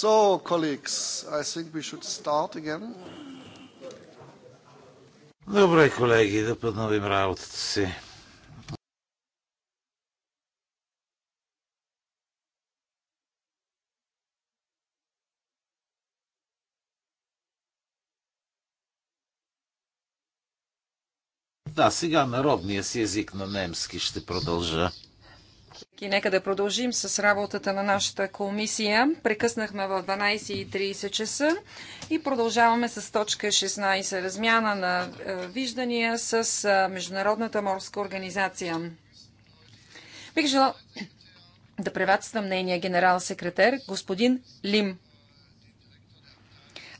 So, colleagues, I think we should start again. Добре, колеги, да подновим работата си. Да, сега народния си език на немски ще продължа. И нека да продължим с работата на нашата комисия. Прекъснахме в 12.30 часа и продължаваме с точка 16. Размяна на е, виждания с е, Международната морска организация. Бих желал да приветствам нейния генерал-секретар, господин Лим.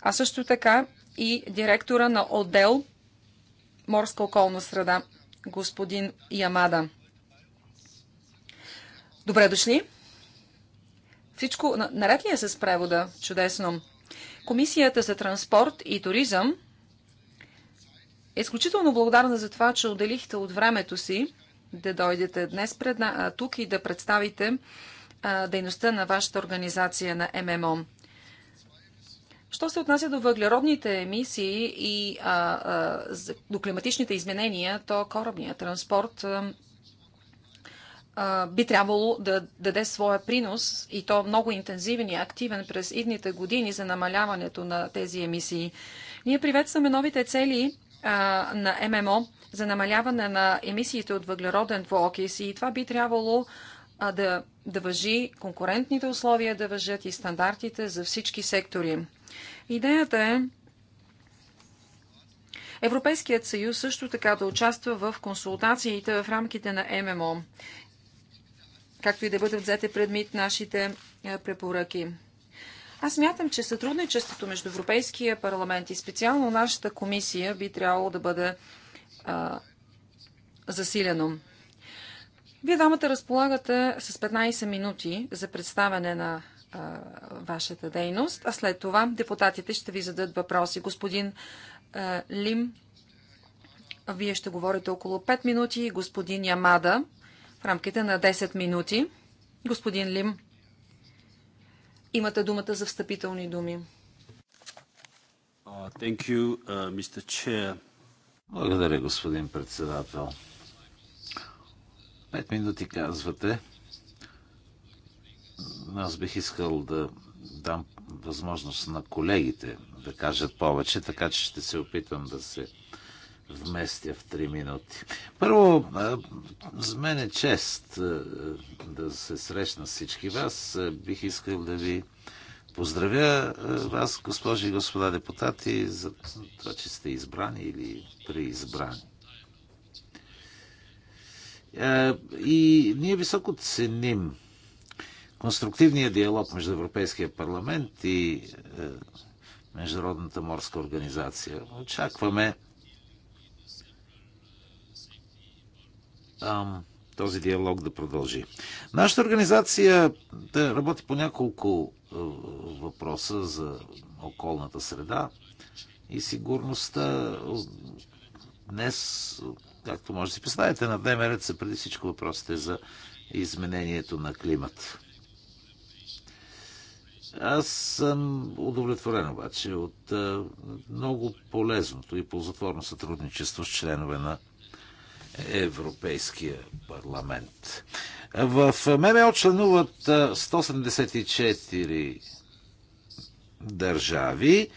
А също така и директора на отдел Морска околна среда, господин Ямада. Добре дошли! Всичко наред ли е с превода? Чудесно! Комисията за транспорт и туризъм е изключително благодарна за това, че отделихте от времето си да дойдете днес пред на, тук и да представите а, дейността на вашата организация на ММО. Що се отнася до въглеродните емисии и а, а, до климатичните изменения, то корабният транспорт а, би трябвало да даде своя принос и то много интензивен и активен през идните години за намаляването на тези емисии. Ние приветстваме новите цели на ММО за намаляване на емисиите от въглероден двуокис и това би трябвало да, да въжи конкурентните условия, да въжат и стандартите за всички сектори. Идеята е Европейският съюз също така да участва в консултациите в рамките на ММО както и да бъдат взете предмит нашите е, препоръки. Аз мятам, че сътрудничеството между Европейския парламент и специално нашата комисия би трябвало да бъде а, засилено. Вие двамата разполагате с 15 минути за представяне на а, вашата дейност, а след това депутатите ще ви зададат въпроси. Господин а, Лим, вие ще говорите около 5 минути, господин Ямада в рамките на 10 минути. Господин Лим, имате думата за встъпителни думи. Uh, you, uh, Благодаря, господин председател. Пет минути казвате. Аз бих искал да дам възможност на колегите да кажат повече, така че ще се опитам да се вместя в 3 минути. Първо, за мен е чест да се срещна с всички вас. Бих искал да ви поздравя вас, госпожи и господа депутати, за това, че сте избрани или преизбрани. И ние високо ценим конструктивния диалог между Европейския парламент и Международната морска организация. Очакваме ам, този диалог да продължи. Нашата организация да работи по няколко е, въпроса за околната среда и сигурността. Днес, както може да си представите, на дневен ред са преди всичко въпросите за изменението на климат. Аз съм удовлетворен обаче от е, много полезното и ползотворно сътрудничество с членове на Европейския парламент. В ММО членуват 174 държави.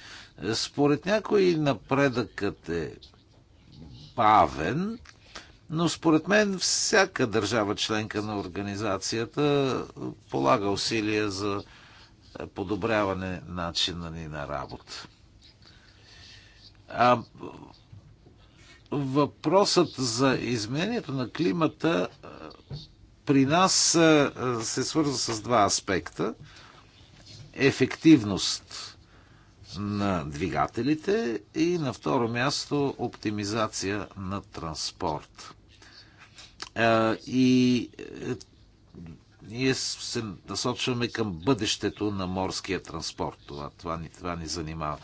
Според някои напредъкът е бавен, но според мен всяка държава членка на организацията полага усилия за подобряване начина ни на работа въпросът за изменението на климата при нас се свързва с два аспекта. Ефективност на двигателите и на второ място оптимизация на транспорт. И е, ние се насочваме към бъдещето на морския транспорт. Това, това, ни, това ни занимава.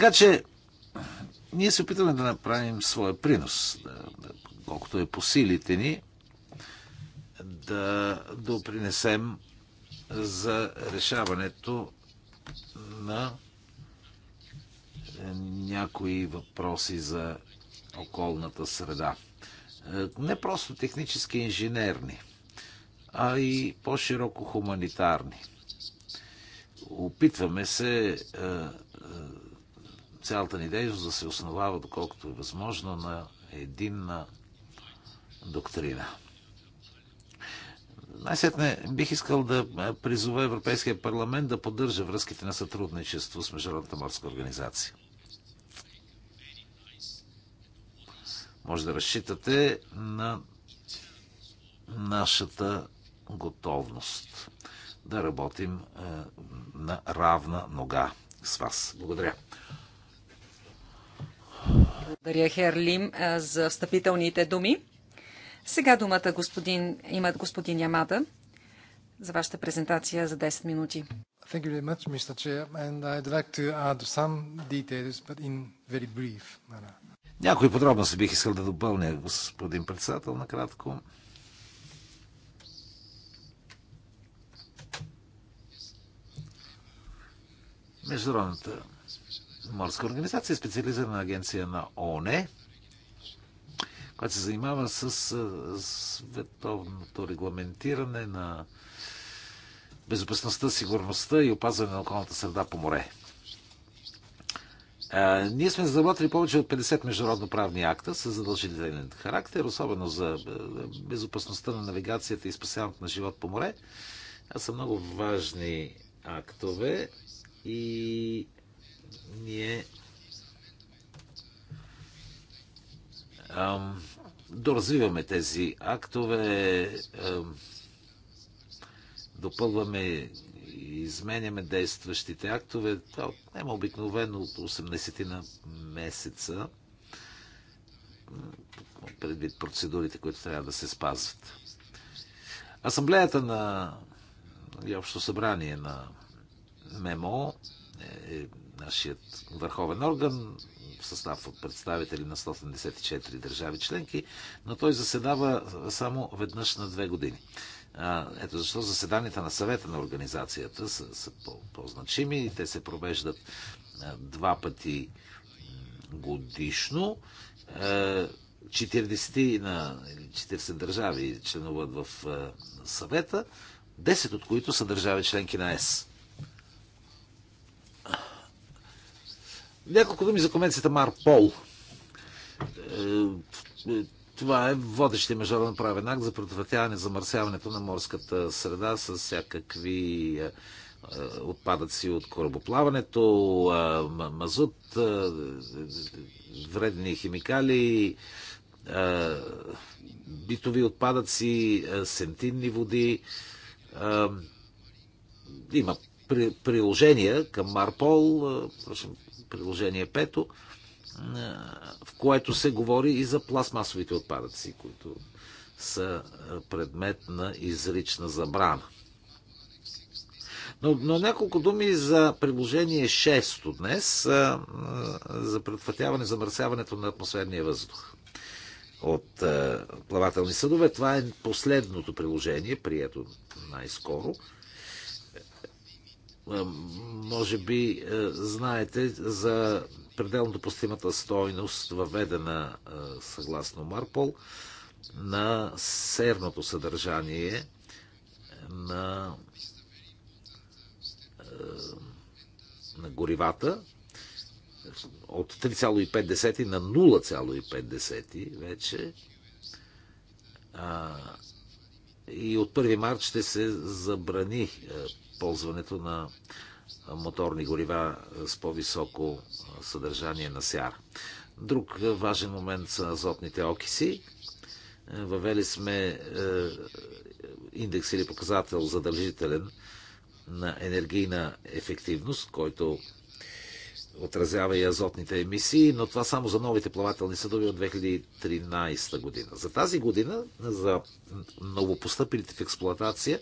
Така че ние се опитаме да направим своя принос, да, да, колкото е по силите ни, да допринесем за решаването на някои въпроси за околната среда. Не просто технически инженерни, а и по-широко хуманитарни. Опитваме се е, е, цялата ни дейност да се основава, доколкото е възможно, на единна доктрина. Най-сетне бих искал да призова Европейския парламент да поддържа връзките на сътрудничество с Международната морска организация. Може да разчитате на нашата готовност да работим е, на равна нога с вас. Благодаря. Благодаря, Херлим, за встъпителните думи. Сега думата господин, имат господин Ямада за вашата презентация за 10 минути. Thank you very much, Mr. Chair, and I'd like to add some details, but in very brief manner. Някои подробности бих искал да допълня, господин председател, накратко. Международната морска организация, специализирана агенция на ОНЕ, която се занимава с световното регламентиране на безопасността, сигурността и опазване на околната среда по море. Ние сме заработили повече от 50 международно-правни акта с задължителен характер, особено за безопасността на навигацията и спасяването на живот по море. Това са много важни актове и ние ам, доразвиваме тези актове, ам, допълваме и изменяме действащите актове. Това е обикновено от 18 на месеца предвид процедурите, които трябва да се спазват. Асамблеята на и общо събрание на МЕМО е нашият върховен орган, в състав от представители на 174 държави членки, но той заседава само веднъж на две години. Ето защо заседанията на съвета на организацията са, са по-значими. -по те се провеждат два пъти годишно. 40 на 40 държави членуват в съвета, 10 от които са държави членки на ЕС. Няколко думи за конвенцията Марпол. Е, е, това е водещия международен правен акт за предотвратяване замърсяването на морската среда с всякакви е, отпадъци от корабоплаването, мазут, вредни химикали, битови отпадъци, сентинни води. Има приложения към Марпол, приложение 5, в което се говори и за пластмасовите отпадъци, които са предмет на изрична забрана. Но, но няколко думи за приложение 6 днес, за предотвратяване замърсяването на атмосферния въздух от плавателни съдове. Това е последното приложение, прието най-скоро. Е, може би е, знаете за пределно допустимата стойност, въведена е, съгласно Марпол, на серното съдържание на, на горивата от 3,5 на 0,5 вече. А, и от 1 март ще се забрани е, ползването на моторни горива с по-високо е, съдържание на сяра. Друг е, важен момент са азотните окиси. Въвели сме индекс или показател задължителен на енергийна ефективност, който отразява и азотните емисии, но това само за новите плавателни съдове от 2013 година. За тази година, за новопостъпилите в експлоатация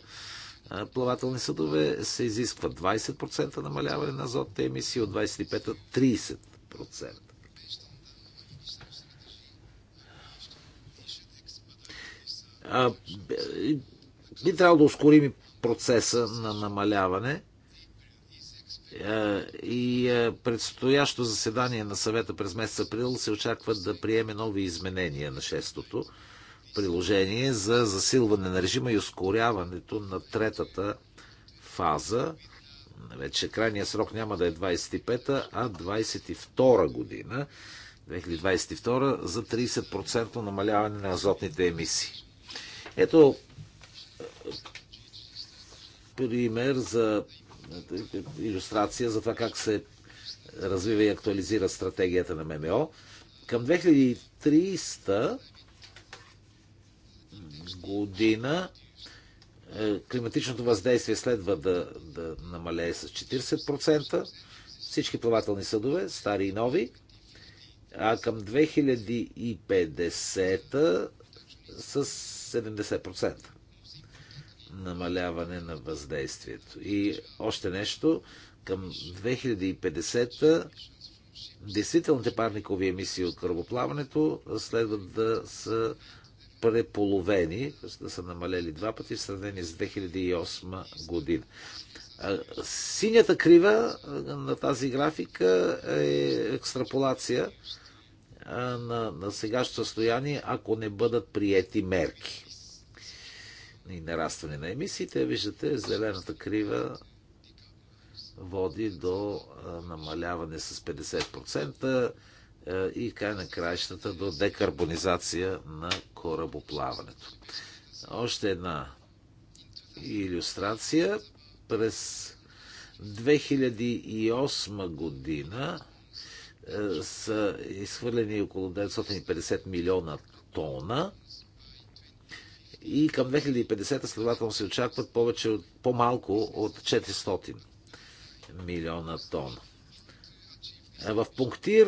плавателни съдове, се изисква 20% намаляване на азотните емисии от 25 30%. А, би трябвало да ускорим процеса на намаляване – и предстоящо заседание на съвета през месец април се очаква да приеме нови изменения на шестото приложение за засилване на режима и ускоряването на третата фаза. Вече крайният срок няма да е 25-та, а 22 година, 2022 за 30% намаляване на азотните емисии. Ето пример за иллюстрация за това как се развива и актуализира стратегията на ММО. Към 2300 година е, климатичното въздействие следва да, да намалее с 40%. Всички плавателни съдове, стари и нови. А към 2050 с 70% намаляване на въздействието. И още нещо, към 2050 действителните парникови емисии от кръвоплаването следват да са преполовени, да са намалели два пъти в сравнение с 2008 година. Синята крива на тази графика е екстраполация на, на сегашното състояние, ако не бъдат приети мерки и нарастване на емисиите. Виждате, зелената крива води до намаляване с 50% и край на краищата до декарбонизация на корабоплаването. Още една иллюстрация. През 2008 година са изхвърлени около 950 милиона тона и към 2050 следователно се очакват повече от, по-малко от 400 милиона тона. В пунктир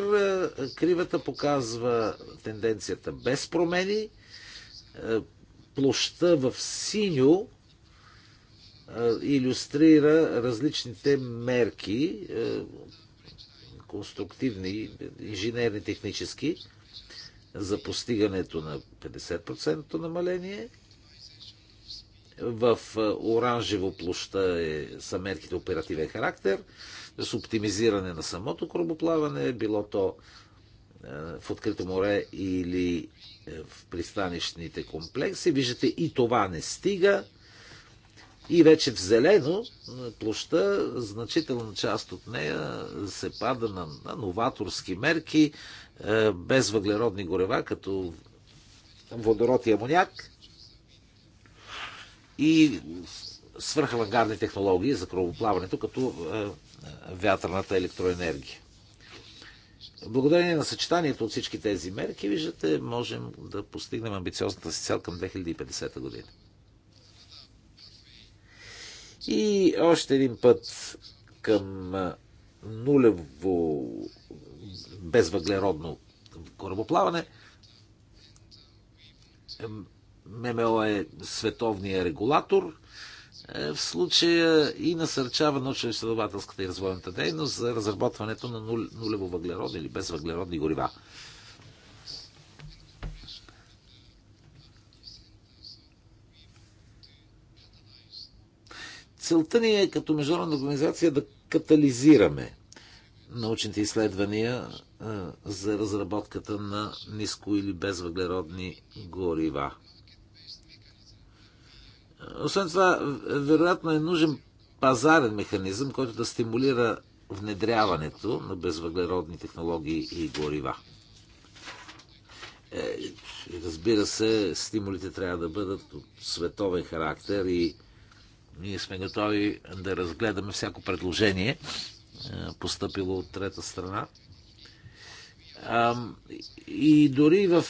кривата показва тенденцията без промени. Площта в синьо иллюстрира различните мерки, конструктивни, инженерни, технически, за постигането на 50% намаление – в е, оранжево площа е, са мерките оперативен характер, с оптимизиране на самото корабоплаване, било то е, в открито море или е, в пристанищните комплекси. Виждате, и това не стига. И вече в зелено площа, значителна част от нея се пада на, на новаторски мерки, без въглеродни горева, като водород и амоняк, и свърхавангарни технологии за кръвоплаването, като е, е, вятърната електроенергия. Благодарение на съчетанието от всички тези мерки, виждате, можем да постигнем амбициозната си цел към 2050 година. И още един път към е, нулево безвъглеродно корабоплаване ММО е световния регулатор е, в случая и насърчава научно-изследователската и развойната дейност за разработването на нулево въглеродни или безвъглеродни горива. Целта ни е като международна организация да катализираме научните изследвания е, за разработката на ниско или безвъглеродни горива. Освен това, вероятно е нужен пазарен механизъм, който да стимулира внедряването на безвъглеродни технологии и горива. Е, разбира се, стимулите трябва да бъдат от световен характер и ние сме готови да разгледаме всяко предложение, е, постъпило от трета страна. И дори в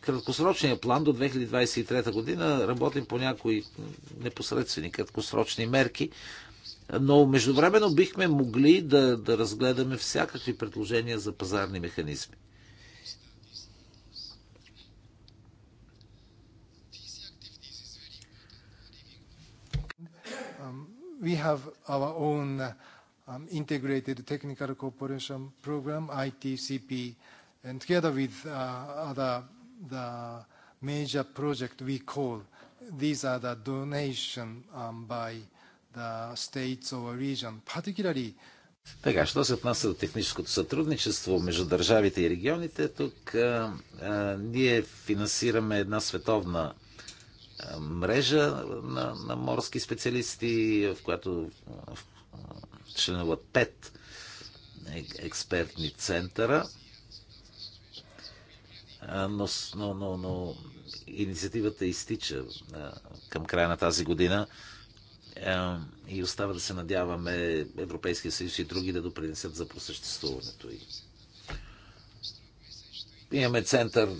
краткосрочния план до 2023 година работим по някои непосредствени краткосрочни мерки, но междувременно бихме могли да, да разгледаме всякакви предложения за пазарни механизми. Um, we have our own uh, integrated technical cooperation program, ITCP, and together with other the major project we call, these are the donation by the states or region, particularly така, що се отнася до техническото сътрудничество между държавите и регионите, тук ние финансираме една световна мрежа на, морски специалисти, в която членува пет експертни центъра. Но, но, но, но инициативата изтича към края на тази година и остава да се надяваме Европейския съюз и други да допринесат за просъществуването й. Имаме център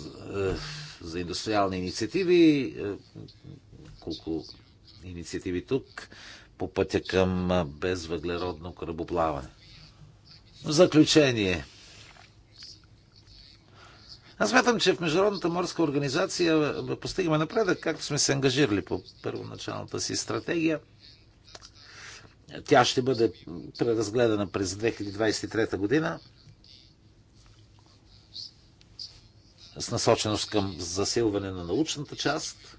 за индустриални инициативи, колко инициативи тук по пътя към безвъглеродно кръбоплаване. В заключение. Аз смятам, че в Международната морска организация постигаме напредък, както сме се ангажирали по първоначалната си стратегия. Тя ще бъде преразгледана през 2023 година с насоченост към засилване на научната част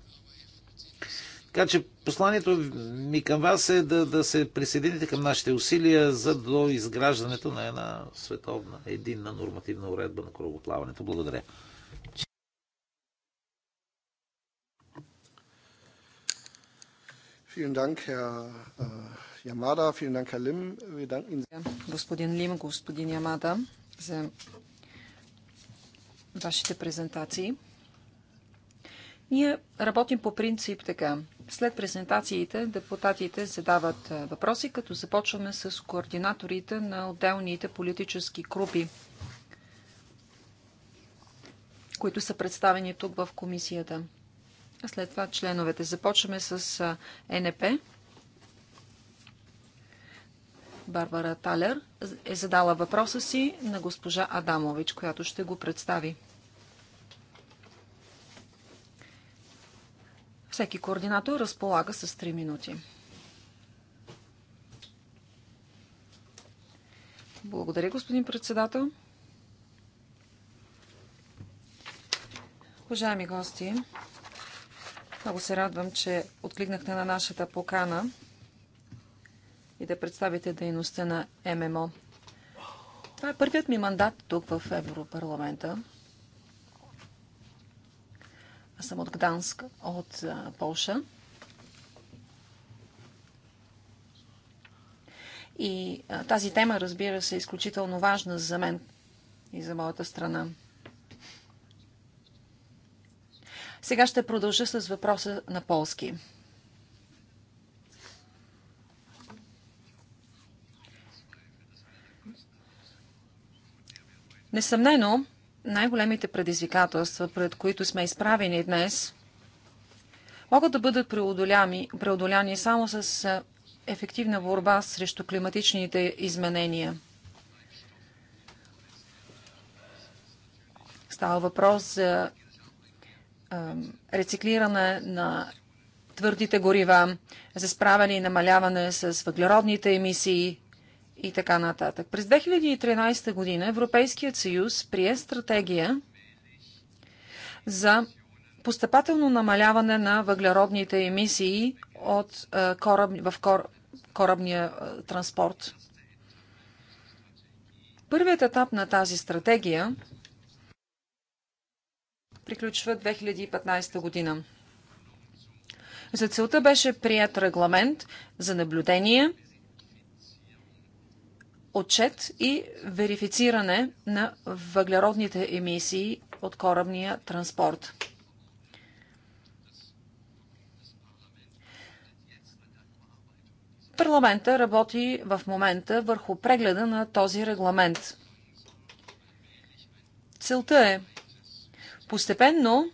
така че посланието ми към вас е да, да се присъедините към нашите усилия за до изграждането на една световна, единна нормативна уредба на корабоплаването. Благодаря. Äh, господин Лим, господин Ямада, за вашите презентации. Ние работим по принцип така. След презентациите депутатите задават въпроси, като започваме с координаторите на отделните политически групи, които са представени тук в комисията. След това членовете. Започваме с НП. Барбара Талер е задала въпроса си на госпожа Адамович, която ще го представи. Всеки координатор разполага с 3 минути. Благодаря, господин председател. Уважаеми гости, много се радвам, че откликнахте на нашата покана и да представите дейността на ММО. Това е първият ми мандат тук в Европарламента. Аз съм от Гданск, от Полша. И тази тема, разбира се, е изключително важна за мен и за моята страна. Сега ще продължа с въпроса на полски. Несъмнено, най-големите предизвикателства, пред които сме изправени днес, могат да бъдат преодоляни, преодоляни само с ефективна борба срещу климатичните изменения. Става въпрос за рециклиране на твърдите горива, за справяне и намаляване с въглеродните емисии, и така нататък. През 2013 година Европейският съюз прие стратегия за постъпателно намаляване на въглеродните емисии от кораб, в кор, корабния транспорт. Първият етап на тази стратегия приключва 2015 година. За целта беше прият регламент за наблюдение – отчет и верифициране на въглеродните емисии от корабния транспорт. Парламента работи в момента върху прегледа на този регламент. Целта е постепенно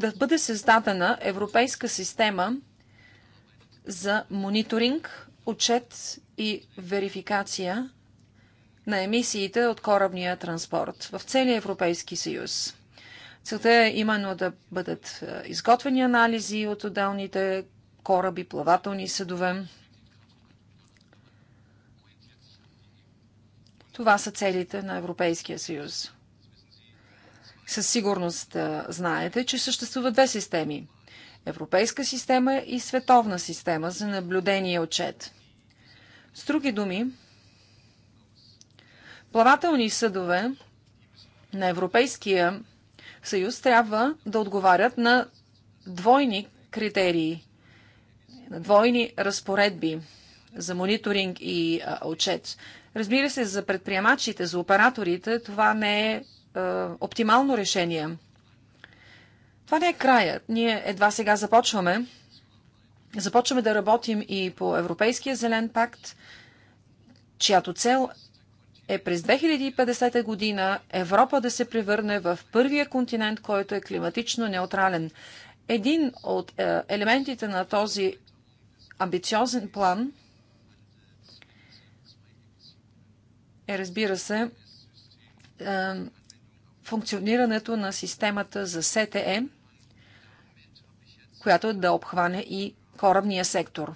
да бъде създадена европейска система за мониторинг, отчет и верификация на емисиите от корабния транспорт в целия Европейски съюз. Целта е именно да бъдат е, изготвени анализи от отделните кораби, плавателни съдове. Това са целите на Европейския съюз. Със сигурност е, знаете, че съществуват две системи. Европейска система и световна система за наблюдение и отчет. С други думи, плавателни съдове на Европейския съюз трябва да отговарят на двойни критерии, на двойни разпоредби за мониторинг и а, отчет. Разбира се, за предприемачите, за операторите, това не е, е оптимално решение. Това не е краят. Ние едва сега започваме. Започваме да работим и по Европейския зелен пакт, чиято цел е през 2050 година Европа да се превърне в първия континент, който е климатично неутрален. Един от е, елементите на този амбициозен план е, разбира се, е, функционирането на системата за СТЕ, която да обхване и корабния сектор.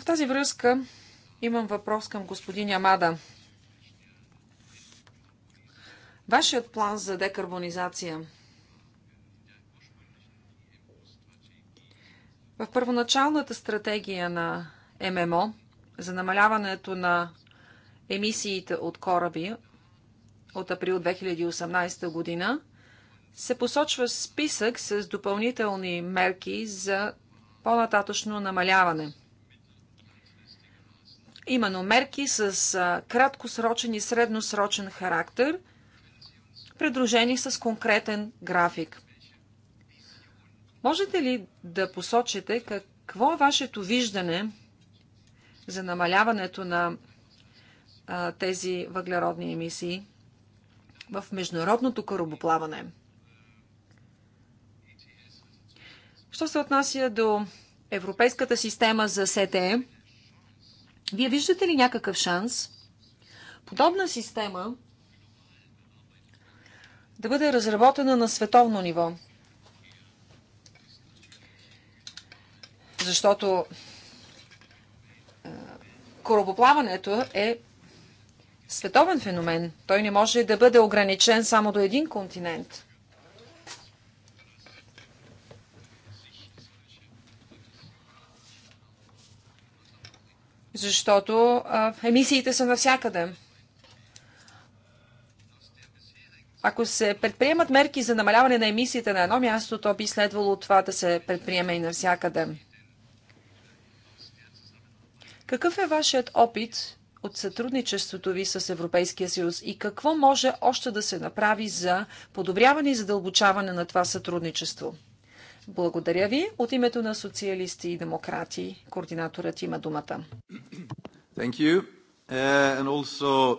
В тази връзка Имам въпрос към господин Ямада. Вашият план за декарбонизация. В първоначалната стратегия на ММО за намаляването на емисиите от кораби от април 2018 година се посочва списък с допълнителни мерки за по-нататъчно намаляване – Именно мерки с краткосрочен и средносрочен характер, придружени с конкретен график. Можете ли да посочите какво е вашето виждане за намаляването на а, тези въглеродни емисии в международното корабоплаване? Що се отнася до Европейската система за СТЕ, вие виждате ли някакъв шанс подобна система да бъде разработена на световно ниво? Защото е, корабоплаването е световен феномен. Той не може да бъде ограничен само до един континент. защото а, емисиите са навсякъде. Ако се предприемат мерки за намаляване на емисиите на едно място, то би следвало това да се предприеме и навсякъде. Какъв е вашият опит от сътрудничеството ви с Европейския съюз и какво може още да се направи за подобряване и задълбочаване на това сътрудничество? Благодаря ви. От името на социалисти и демократи, координаторът има думата. Uh, also...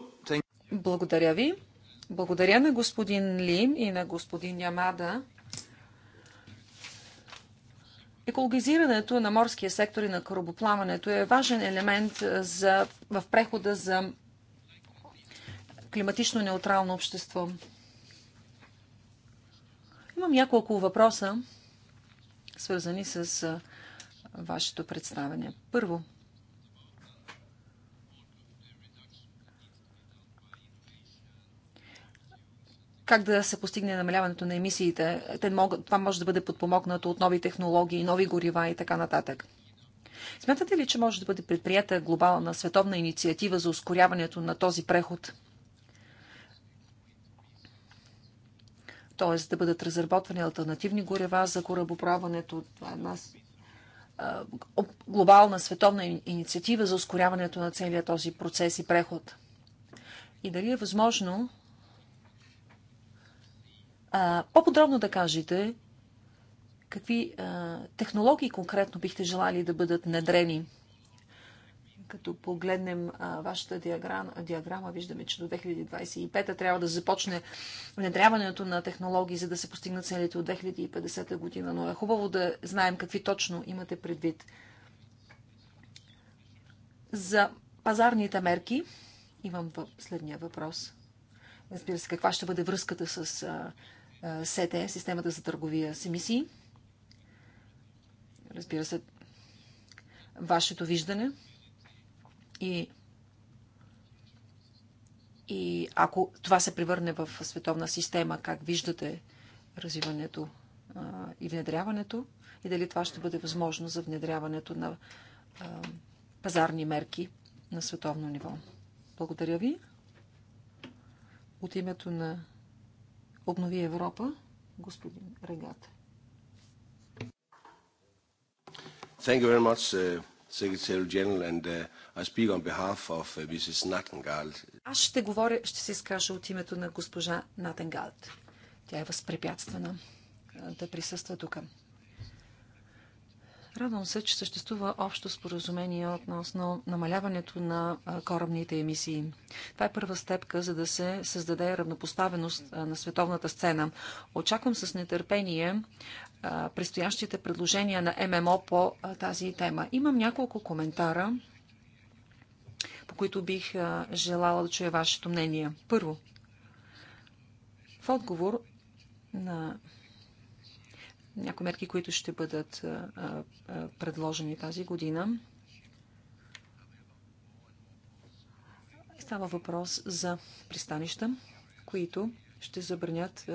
Благодаря ви. Благодаря на господин Лин и на господин Ямада. Екологизирането на морския сектор и на корабопламането е важен елемент за, в прехода за климатично неутрално общество. Имам няколко въпроса свързани с вашето представяне. Първо, как да се постигне намаляването на емисиите. Те могат, това може да бъде подпомогнато от нови технологии, нови горива и така нататък. Смятате ли, че може да бъде предприята глобална световна инициатива за ускоряването на този преход? т.е. да бъдат разработвани альтернативни горева за корабоправането Това е една глобална световна инициатива за ускоряването на целия този процес и преход. И дали е възможно по-подробно да кажете какви а, технологии конкретно бихте желали да бъдат надрени. Като погледнем а, вашата диаграма, диаграма, виждаме, че до 2025 трябва да започне внедряването на технологии, за да се постигнат целите от 2050 година. Но е хубаво да знаем какви точно имате предвид. За пазарните мерки имам следния въпрос. Разбира се, каква ще бъде връзката с а, а, СЕТЕ, системата за търговия с емисии? Разбира се, вашето виждане и, и ако това се превърне в световна система, как виждате развиването а, и внедряването, и дали това ще бъде възможно за внедряването на а, пазарни мерки на световно ниво. Благодаря ви. От името на Обнови Европа, господин Регат. Thank you very much. Uh, Secretary General, and uh, I speak on behalf of uh, Mrs. Nattengald. Аз ще говоря, ще се изкажа от името на госпожа Натенгалд. Тя е възпрепятствана да присъства тук. Радвам се, че съществува общо споразумение относно намаляването на корабните емисии. Това е първа степка, за да се създаде равнопоставеност на световната сцена. Очаквам с нетърпение предстоящите предложения на ММО по тази тема. Имам няколко коментара, по които бих желала да чуя вашето мнение. Първо, в отговор на някои мерки, които ще бъдат предложени тази година. Става въпрос за пристанища, които ще забранят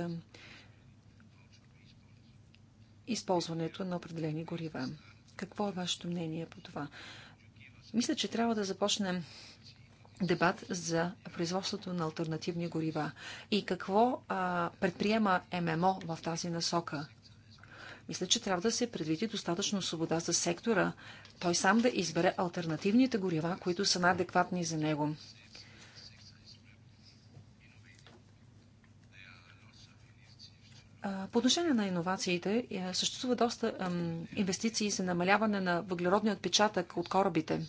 използването на определени горива. Какво е вашето мнение по това? Мисля, че трябва да започнем дебат за производството на альтернативни горива и какво а, предприема ММО в тази насока. Мисля, че трябва да се предвиди достатъчно свобода за сектора, той сам да избере альтернативните горива, които са най-адекватни за него. По отношение на иновациите, е, съществува доста инвестиции за намаляване на въглеродния отпечатък от корабите.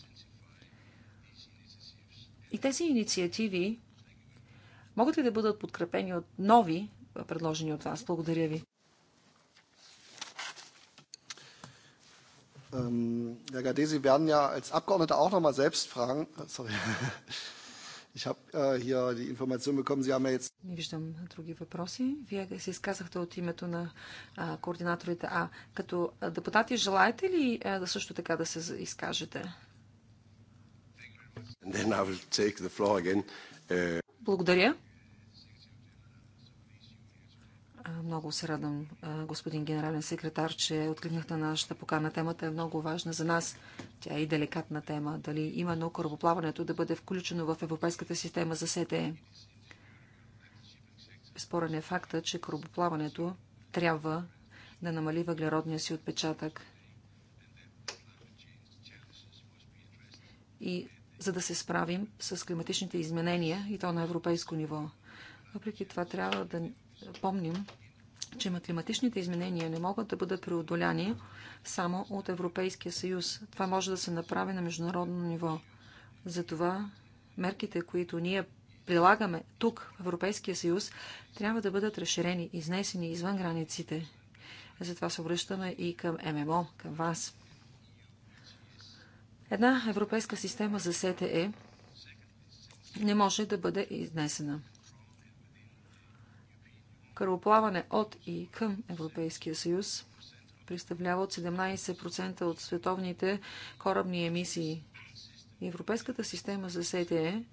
И тези инициативи могат ли да бъдат подкрепени от нови, предложени от вас? Благодаря ви. Herr Gade, Sie werden ja als Abgeordneter auch noch mal selbst fragen. Sorry. Ich habe äh, hier die Information bekommen, Sie haben ja jetzt... Не виждам други въпроси. Вие се изказахте от името на а, координаторите. А като депутати желаете ли а, също така да се изкажете? Uh... Благодаря. Много се радвам, господин генерален секретар, че откликнахте на нашата покана. Темата е много важна за нас. Тя е и деликатна тема. Дали именно корабоплаването да бъде включено в Европейската система за СТЕ? Спорен е факта, че корабоплаването трябва да намали въглеродния си отпечатък. И за да се справим с климатичните изменения и то на европейско ниво. Въпреки това трябва да помним, че климатичните изменения не могат да бъдат преодоляни само от Европейския съюз. Това може да се направи на международно ниво. Затова мерките, които ние прилагаме тук, в Европейския съюз, трябва да бъдат разширени, изнесени извън границите. Затова се обръщаме и към ММО, към вас. Една европейска система за СТЕ не може да бъде изнесена. Кръвоплаване от и към Европейския съюз представлява от 17% от световните корабни емисии. Европейската система за СТЕ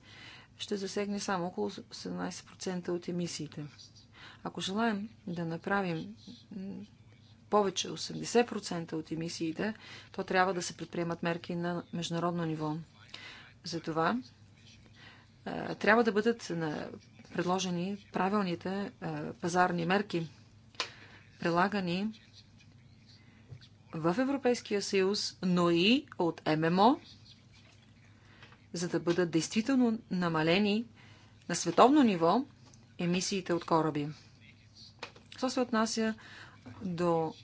ще засегне само около 17% от емисиите. Ако желаем да направим повече 80% от емисиите, то трябва да се предприемат мерки на международно ниво. Затова трябва да бъдат предложени правилните е, пазарни мерки, прилагани в Европейския съюз, но и от ММО, за да бъдат действително намалени на световно ниво емисиите от кораби. Това се отнася до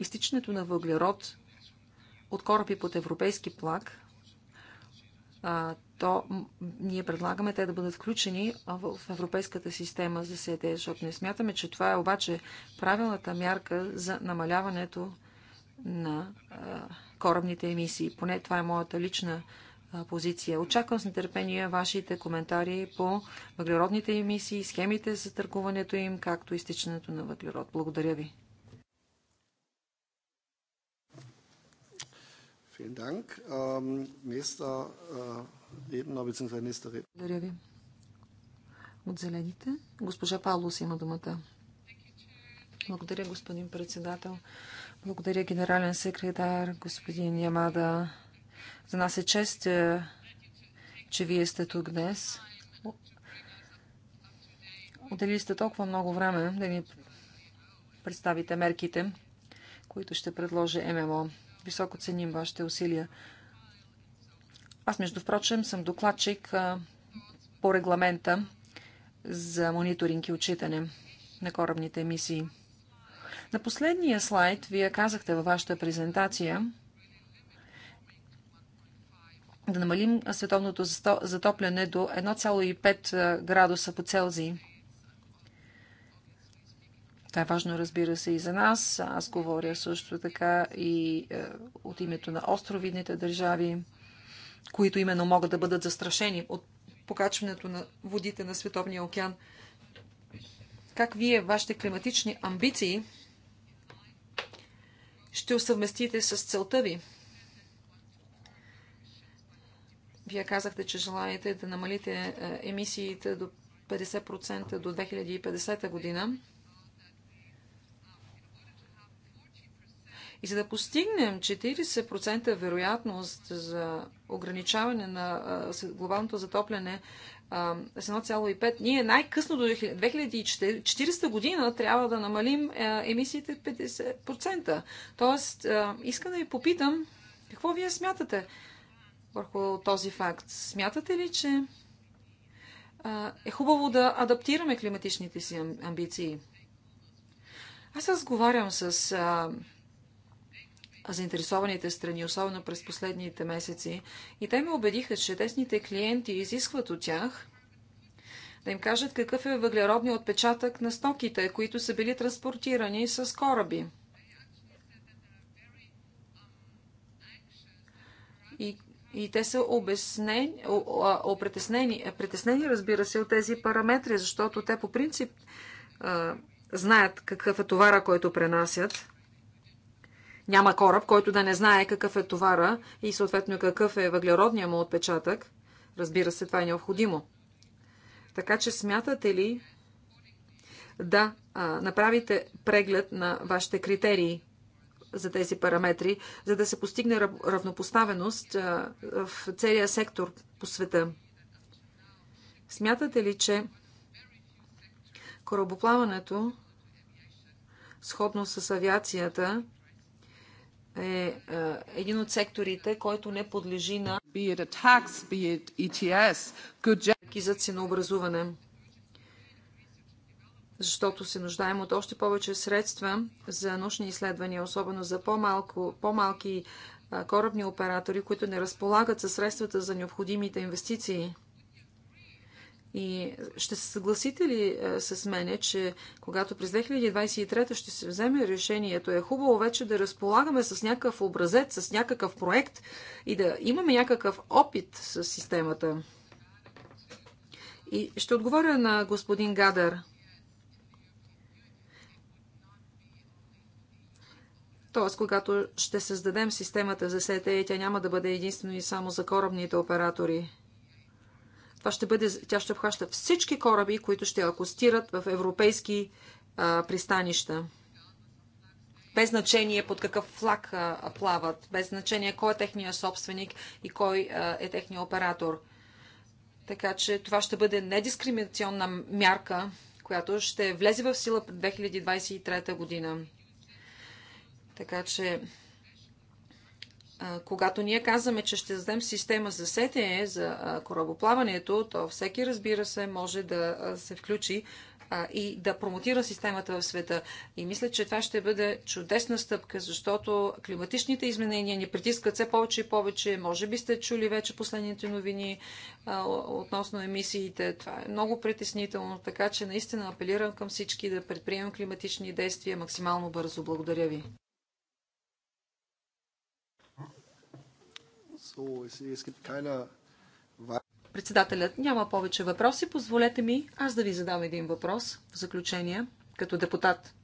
изтичането на въглерод от кораби под европейски плак, защо ние предлагаме те да бъдат включени в Европейската система за СЕДЕ, защото не смятаме, че това е обаче правилната мярка за намаляването на корабните емисии. Поне това е моята лична позиция. Очаквам с нетърпение вашите коментари по въглеродните емисии, схемите за търгуването им, както изтичането на въглерод. Благодаря ви. Vielen Dank. Ähm, nächster äh, благодаря ви. От зелените. Госпожа Павлос има думата. Благодаря, господин председател. Благодаря, генерален секретар, господин Ямада. За нас е чест, е, че вие сте тук днес. Отделили сте толкова много време да ни представите мерките, които ще предложи ММО. Високо ценим вашите усилия. Аз, между впрочем, съм докладчик по регламента за мониторинг и отчитане на корабните емисии. На последния слайд вие казахте във вашата презентация да намалим световното затопляне до 1,5 градуса по Целзий. Това е важно, разбира се, и за нас. Аз говоря също така и от името на островидните държави които именно могат да бъдат застрашени от покачването на водите на Световния океан. Как вие, вашите климатични амбиции, ще усъвместите с целта ви? Вие казахте, че желаете да намалите е, емисиите до 50% до 2050 година. И за да постигнем 40% вероятност за ограничаване на глобалното затопляне с 1,5, ние най-късно до 2040 година трябва да намалим емисиите 50%. Тоест, искам да ви попитам, какво вие смятате върху този факт? Смятате ли, че е хубаво да адаптираме климатичните си амбиции? Аз разговарям с заинтересованите страни, особено през последните месеци. И те ме убедиха, че тесните клиенти изискват от тях да им кажат какъв е въглеродният отпечатък на стоките, които са били транспортирани с кораби. И, и те са обяснени, притеснени, притеснени, разбира се, от тези параметри, защото те по принцип а, знаят какъв е товара, който пренасят няма кораб, който да не знае какъв е товара и съответно какъв е въглеродния му отпечатък. Разбира се, това е необходимо. Така че смятате ли да а, направите преглед на вашите критерии за тези параметри, за да се постигне равнопоставеност а, в целия сектор по света? Смятате ли, че корабоплаването, сходно с авиацията, е, е един от секторите, който не подлежи на TAX, таки e за ценообразуване. Защото се нуждаем от още повече средства за научни изследвания, особено за по-малко, по-малки корабни оператори, които не разполагат със средствата за необходимите инвестиции. И ще се съгласите ли е, с мене, че когато през 2023 ще се вземе решението, е хубаво вече да разполагаме с някакъв образец, с някакъв проект и да имаме някакъв опит с системата? И ще отговоря на господин Гадър. Т.е. когато ще създадем системата за СТЕ, тя няма да бъде единствено и само за корабните оператори. Това ще бъде, тя ще обхваща всички кораби, които ще акостират в европейски а, пристанища. Без значение под какъв флаг а, плават, без значение кой е техния собственик и кой а, е техния оператор. Така че това ще бъде недискриминационна мярка, която ще влезе в сила през 2023 година. Така че когато ние казваме, че ще задем система за сетене, за корабоплаването, то всеки, разбира се, може да се включи и да промотира системата в света. И мисля, че това ще бъде чудесна стъпка, защото климатичните изменения ни притискат все повече и повече. Може би сте чули вече последните новини относно емисиите. Това е много притеснително, така че наистина апелирам към всички да предприемем климатични действия максимално бързо. Благодаря ви. Председателят няма повече въпроси. Позволете ми аз да ви задам един въпрос в заключение, като депутат.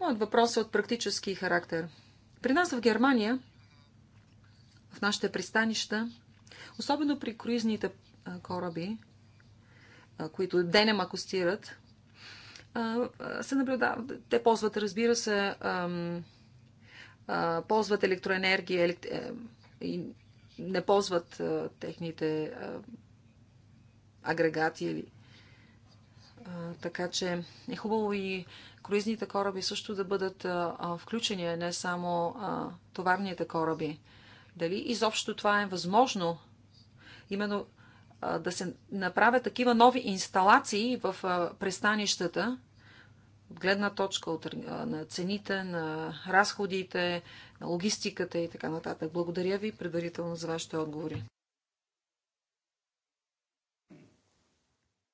Моят въпрос е от практически характер. При нас в Германия, в нашите пристанища, особено при круизните кораби, които денем акустират, се наблюдават. Те ползват, разбира се, ползват електроенергия е, и не ползват техните агрегати. така че е хубаво и круизните кораби също да бъдат включени, не само товарните кораби. Дали изобщо това е възможно? Именно да се направят такива нови инсталации в пристанищата, гледна точка от, на цените, на разходите, на логистиката и така нататък. Благодаря ви предварително за вашите отговори.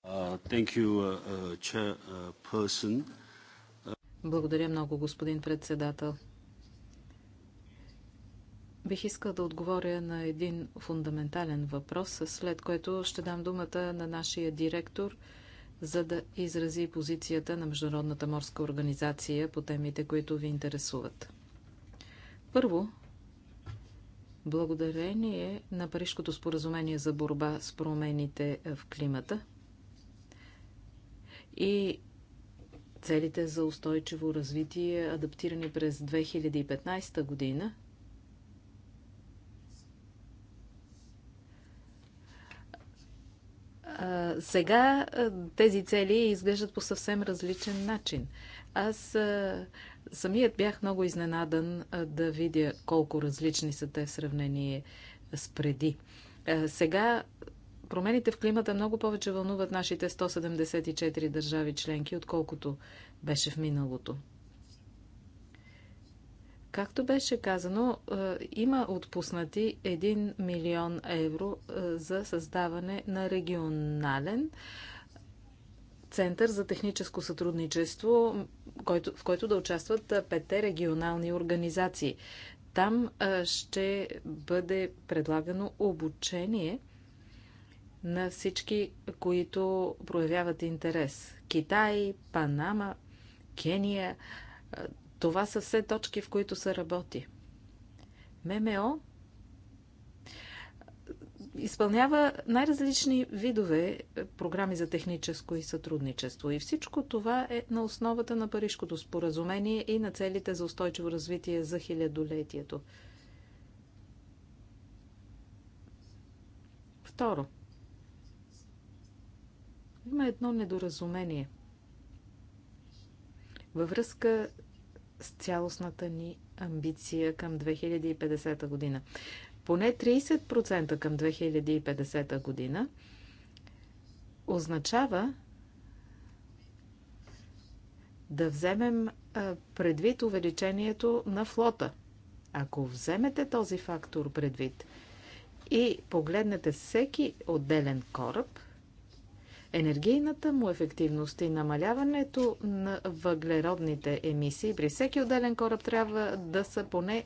Uh, uh, uh, Благодаря много, господин председател. Бих искал да отговоря на един фундаментален въпрос, след което ще дам думата на нашия директор – за да изрази позицията на Международната морска организация по темите, които ви интересуват. Първо, благодарение на Парижкото споразумение за борба с промените в климата и целите за устойчиво развитие, адаптирани през 2015 година – сега тези цели изглеждат по съвсем различен начин. Аз самият бях много изненадан да видя колко различни са те в сравнение с преди. Сега промените в климата много повече вълнуват нашите 174 държави членки, отколкото беше в миналото. Както беше казано, е, има отпуснати 1 милион евро е, за създаване на регионален център за техническо сътрудничество, в който да участват е, пете регионални организации. Там ще бъде предлагано обучение на всички, които проявяват интерес. Китай, Панама, Кения, това са все точки, в които се работи. ММО изпълнява най-различни видове е, програми за техническо и сътрудничество. И всичко това е на основата на Парижкото споразумение и на целите за устойчиво развитие за хилядолетието. Второ. Има едно недоразумение във връзка с цялостната ни амбиция към 2050 година. Поне 30% към 2050 година означава да вземем предвид увеличението на флота. Ако вземете този фактор предвид и погледнете всеки отделен кораб – енергийната му ефективност и намаляването на въглеродните емисии при всеки отделен кораб трябва да са поне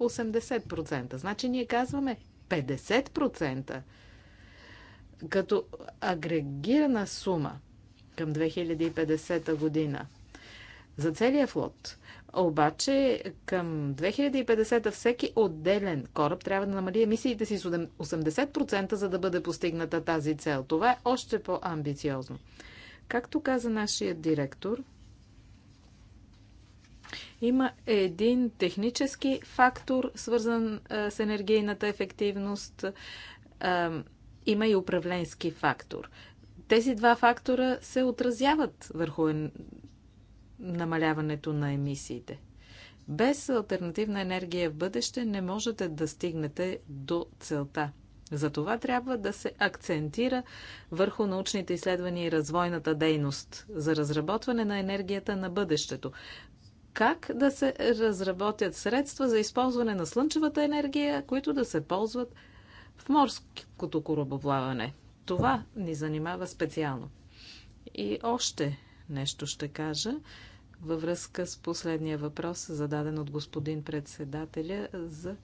80%. Значи ние казваме 50% като агрегирана сума към 2050 година за целия флот. Обаче към 2050 всеки отделен кораб трябва да намали емисиите си с 80%, за да бъде постигната тази цел. Това е още по-амбициозно. Както каза нашия директор, има един технически фактор, свързан с енергийната ефективност. Има и управленски фактор. Тези два фактора се отразяват върху намаляването на емисиите. Без альтернативна енергия в бъдеще не можете да стигнете до целта. Затова трябва да се акцентира върху научните изследвания и развойната дейност за разработване на енергията на бъдещето. Как да се разработят средства за използване на слънчевата енергия, които да се ползват в морското корабоплаване? Това ни занимава специално. И още нещо ще кажа във връзка с последния въпрос, зададен от господин председателя за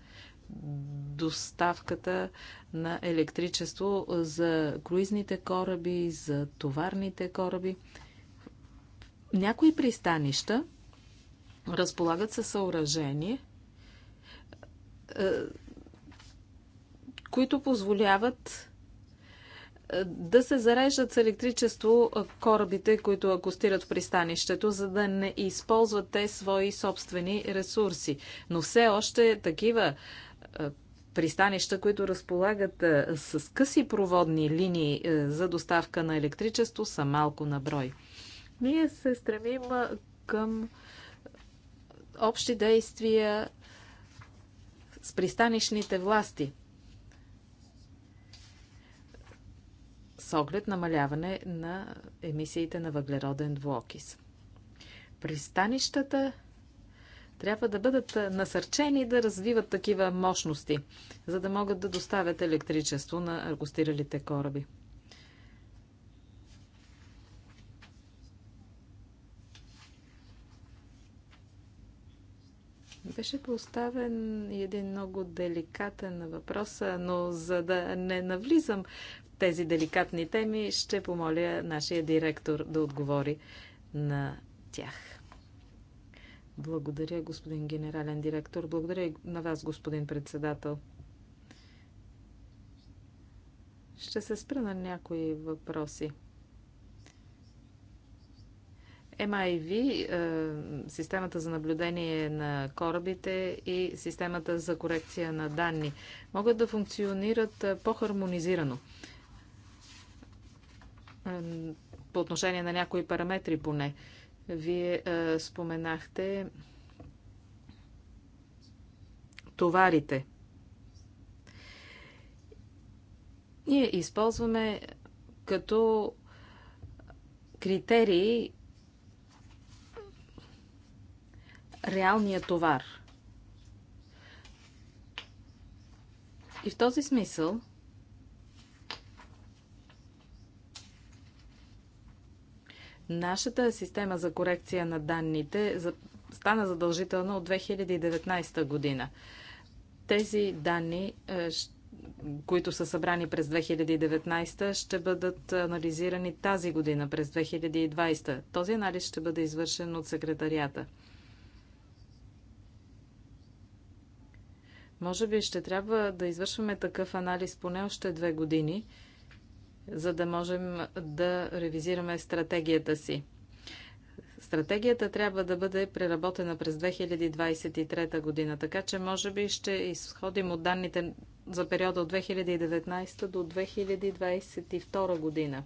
доставката на електричество за круизните кораби, за товарните кораби. Някои пристанища разполагат със съоръжение, е, които позволяват да се зареждат с електричество корабите, които акустират в пристанището, за да не използват те свои собствени ресурси. Но все още такива е, пристанища, които разполагат е, с къси проводни линии е, за доставка на електричество, са малко на брой. Ние се стремим към общи действия с пристанищните власти оглед намаляване на емисиите на въглероден двуокис. Пристанищата трябва да бъдат насърчени да развиват такива мощности, за да могат да доставят електричество на аргустиралите кораби. Беше поставен един много деликатен въпрос, но за да не навлизам тези деликатни теми, ще помоля нашия директор да отговори на тях. Благодаря, господин генерален директор. Благодаря и на вас, господин председател. Ще се спра на някои въпроси. MIV, е, системата за наблюдение на корабите и системата за корекция на данни могат да функционират е, по-хармонизирано по отношение на някои параметри поне. Вие е, споменахте товарите. Ние използваме като критерии реалния товар. И в този смисъл Нашата система за корекция на данните стана задължителна от 2019 година. Тези данни, е, които са събрани през 2019, ще бъдат анализирани тази година, през 2020. Този анализ ще бъде извършен от секретарията. Може би ще трябва да извършваме такъв анализ поне още две години – за да можем да ревизираме стратегията си. Стратегията трябва да бъде преработена през 2023 година, така че може би ще изходим от данните за периода от 2019 до 2022 година.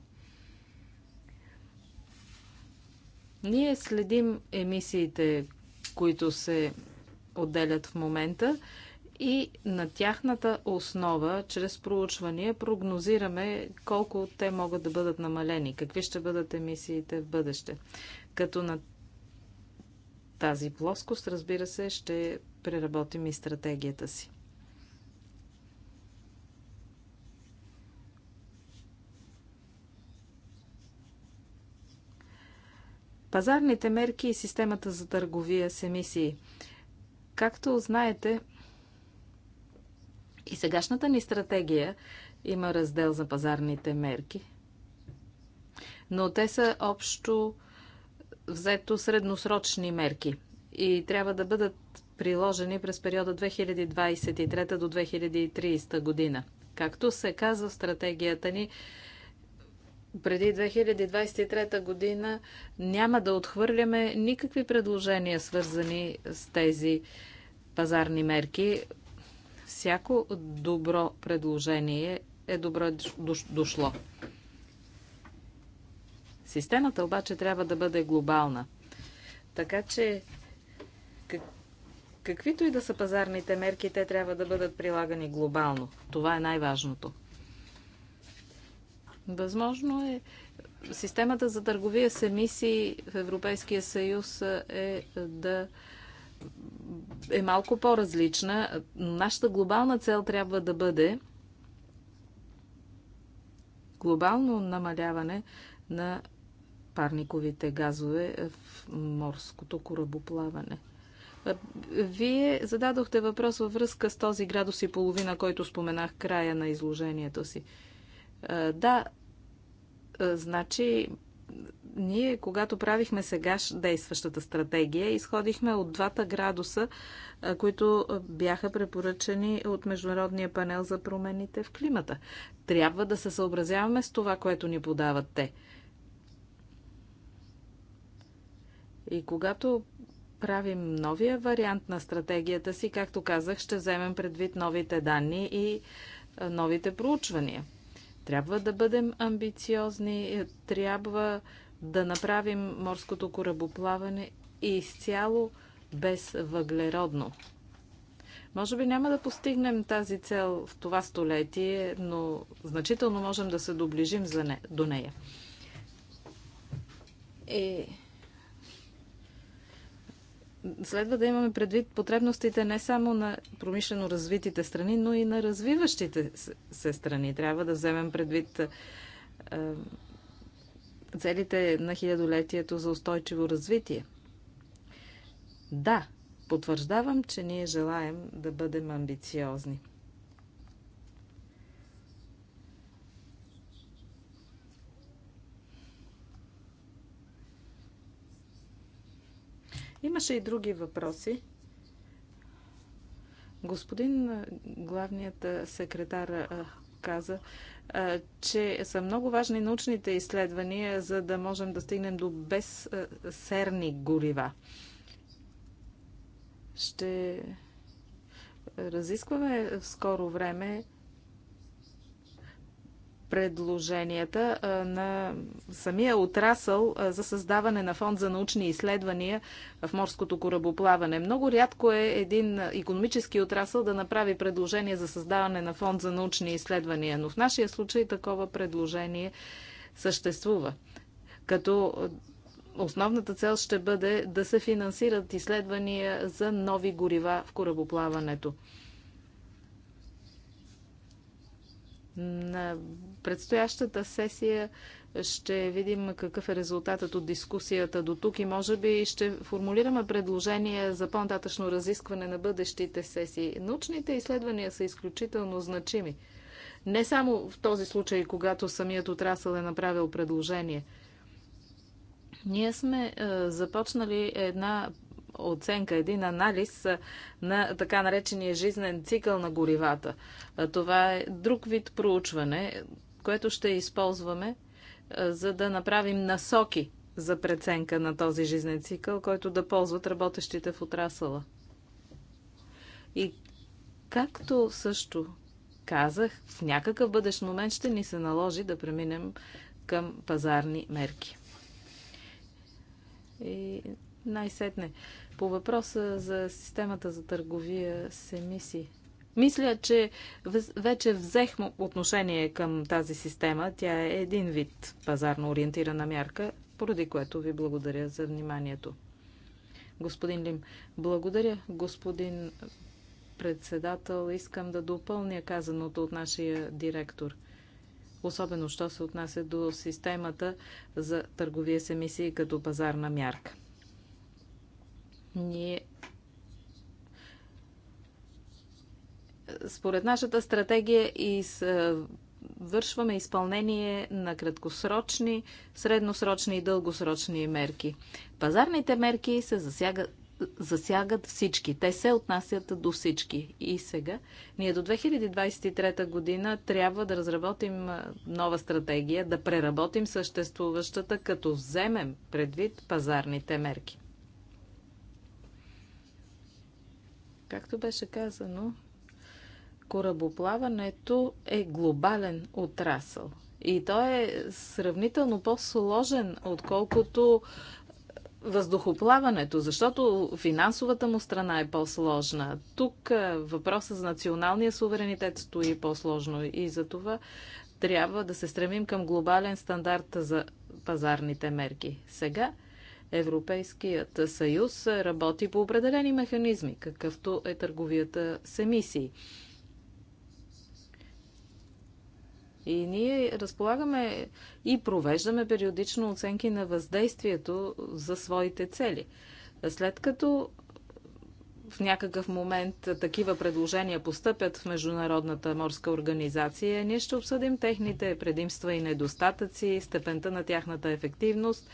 Ние следим емисиите, които се отделят в момента и на тяхната основа, чрез проучвания, прогнозираме колко те могат да бъдат намалени, какви ще бъдат емисиите в бъдеще. Като на тази плоскост, разбира се, ще преработим и стратегията си. Пазарните мерки и системата за търговия с емисии. Както знаете, и сегашната ни стратегия има раздел за пазарните мерки, но те са общо взето средносрочни мерки и трябва да бъдат приложени през периода 2023 до 2030 година. Както се казва в стратегията ни, преди 2023 година няма да отхвърляме никакви предложения, свързани с тези пазарни мерки. Всяко добро предложение е добро дошло. Системата обаче трябва да бъде глобална. Така че каквито и да са пазарните мерки, те трябва да бъдат прилагани глобално. Това е най-важното. Възможно е системата за търговия с емисии в Европейския съюз е да е малко по-различна. Нашата глобална цел трябва да бъде глобално намаляване на парниковите газове в морското корабоплаване. Вие зададохте въпрос във връзка с този градус и половина, който споменах края на изложението си. Да, значи ние, когато правихме сега действащата стратегия, изходихме от двата градуса, които бяха препоръчани от Международния панел за промените в климата. Трябва да се съобразяваме с това, което ни подават те. И когато правим новия вариант на стратегията си, както казах, ще вземем предвид новите данни и новите проучвания – трябва да бъдем амбициозни, трябва да направим морското корабоплаване изцяло без въглеродно. Може би няма да постигнем тази цел в това столетие, но значително можем да се доближим за не, до нея. И е, следва да имаме предвид потребностите не само на промишлено развитите страни, но и на развиващите се страни. Трябва да вземем предвид целите на хилядолетието за устойчиво развитие. Да, потвърждавам, че ние желаем да бъдем амбициозни. Имаше и други въпроси. Господин главният секретар каза, че са много важни научните изследвания, за да можем да стигнем до безсерни горива. Ще разискваме в скоро време предложенията на самия отрасъл за създаване на фонд за научни изследвания в морското корабоплаване. Много рядко е един економически отрасъл да направи предложение за създаване на фонд за научни изследвания, но в нашия случай такова предложение съществува. Като основната цел ще бъде да се финансират изследвания за нови горива в корабоплаването. На предстоящата сесия ще видим какъв е резултатът от дискусията до тук и може би ще формулираме предложение за по-нататъчно разискване на бъдещите сесии. Научните изследвания са изключително значими. Не само в този случай, когато самият отрасъл е направил предложение. Ние сме е, започнали една оценка, един анализ на така наречения жизнен цикъл на горивата. Това е друг вид проучване, което ще използваме, за да направим насоки за преценка на този жизнен цикъл, който да ползват работещите в отрасъла. И както също казах, в някакъв бъдещ момент ще ни се наложи да преминем към пазарни мерки. И най-сетне по въпроса за системата за търговия с емисии. Мисля, че вече взех отношение към тази система. Тя е един вид пазарно ориентирана мярка, поради което ви благодаря за вниманието. Господин Лим, благодаря. Господин председател, искам да допълня казаното от нашия директор. Особено, що се отнася до системата за търговия с емисии като пазарна мярка. Ние според нашата стратегия вършваме изпълнение на краткосрочни, средносрочни и дългосрочни мерки. Пазарните мерки се засяга, засягат всички. Те се отнасят до всички. И сега, ние до 2023 година трябва да разработим нова стратегия, да преработим съществуващата, като вземем предвид пазарните мерки. Както беше казано, корабоплаването е глобален отрасъл. И той е сравнително по-сложен, отколкото въздухоплаването, защото финансовата му страна е по-сложна. Тук въпросът за националния суверенитет стои по-сложно и за това трябва да се стремим към глобален стандарт за пазарните мерки. Сега Европейският съюз работи по определени механизми, какъвто е търговията с емисии. И ние разполагаме и провеждаме периодично оценки на въздействието за своите цели. След като в някакъв момент такива предложения постъпят в Международната морска организация, ние ще обсъдим техните предимства и недостатъци, степента на тяхната ефективност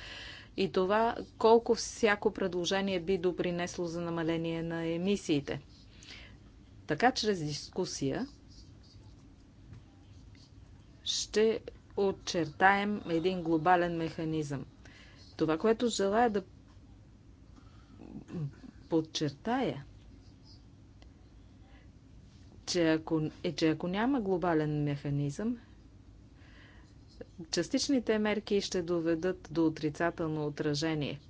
и това колко всяко предложение би допринесло за намаление на емисиите. Така чрез дискусия ще отчертаем един глобален механизъм. Това, което желая да подчертая, че ако, е, че ако няма глобален механизъм, Частичните мерки ще доведат до отрицателно отражение.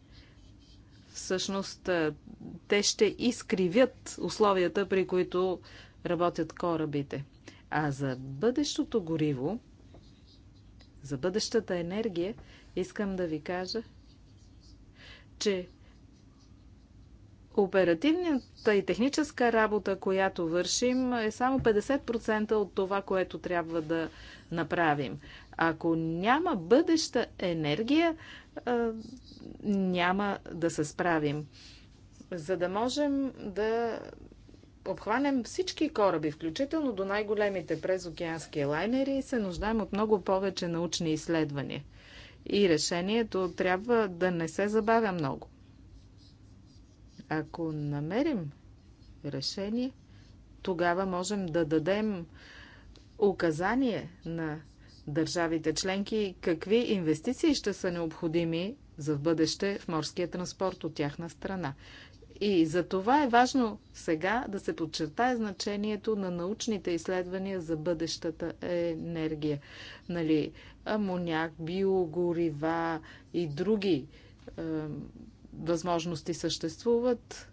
Всъщност, те ще изкривят условията, при които работят корабите. А за бъдещото гориво, за бъдещата енергия, искам да ви кажа, че оперативната и техническа работа, която вършим, е само 50% от това, което трябва да направим. Ако няма бъдеща енергия, няма да се справим. За да можем да обхванем всички кораби, включително до най-големите през океански лайнери, се нуждаем от много повече научни изследвания. И решението трябва да не се забавя много. Ако намерим решение, тогава можем да дадем указание на държавите членки какви инвестиции ще са необходими за в бъдеще в морския транспорт от тяхна страна. И за това е важно сега да се подчертае значението на научните изследвания за бъдещата енергия. Нали, амоняк, биогорива и други е, възможности съществуват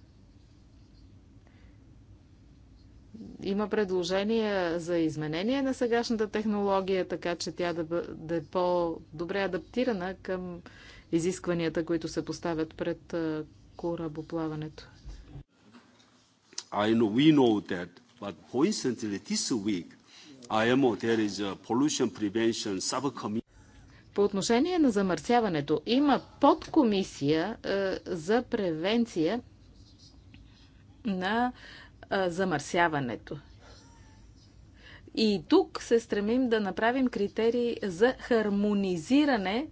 има предложения за изменение на сегашната технология, така че тя да бъде по-добре адаптирана към изискванията, които се поставят пред корабоплаването. I know, we know that, but coincidentally this week, IMO, there is a pollution prevention subcommittee. По отношение на замърсяването, има подкомисия е, за превенция на е, замърсяването. И тук се стремим да направим критерии за хармонизиране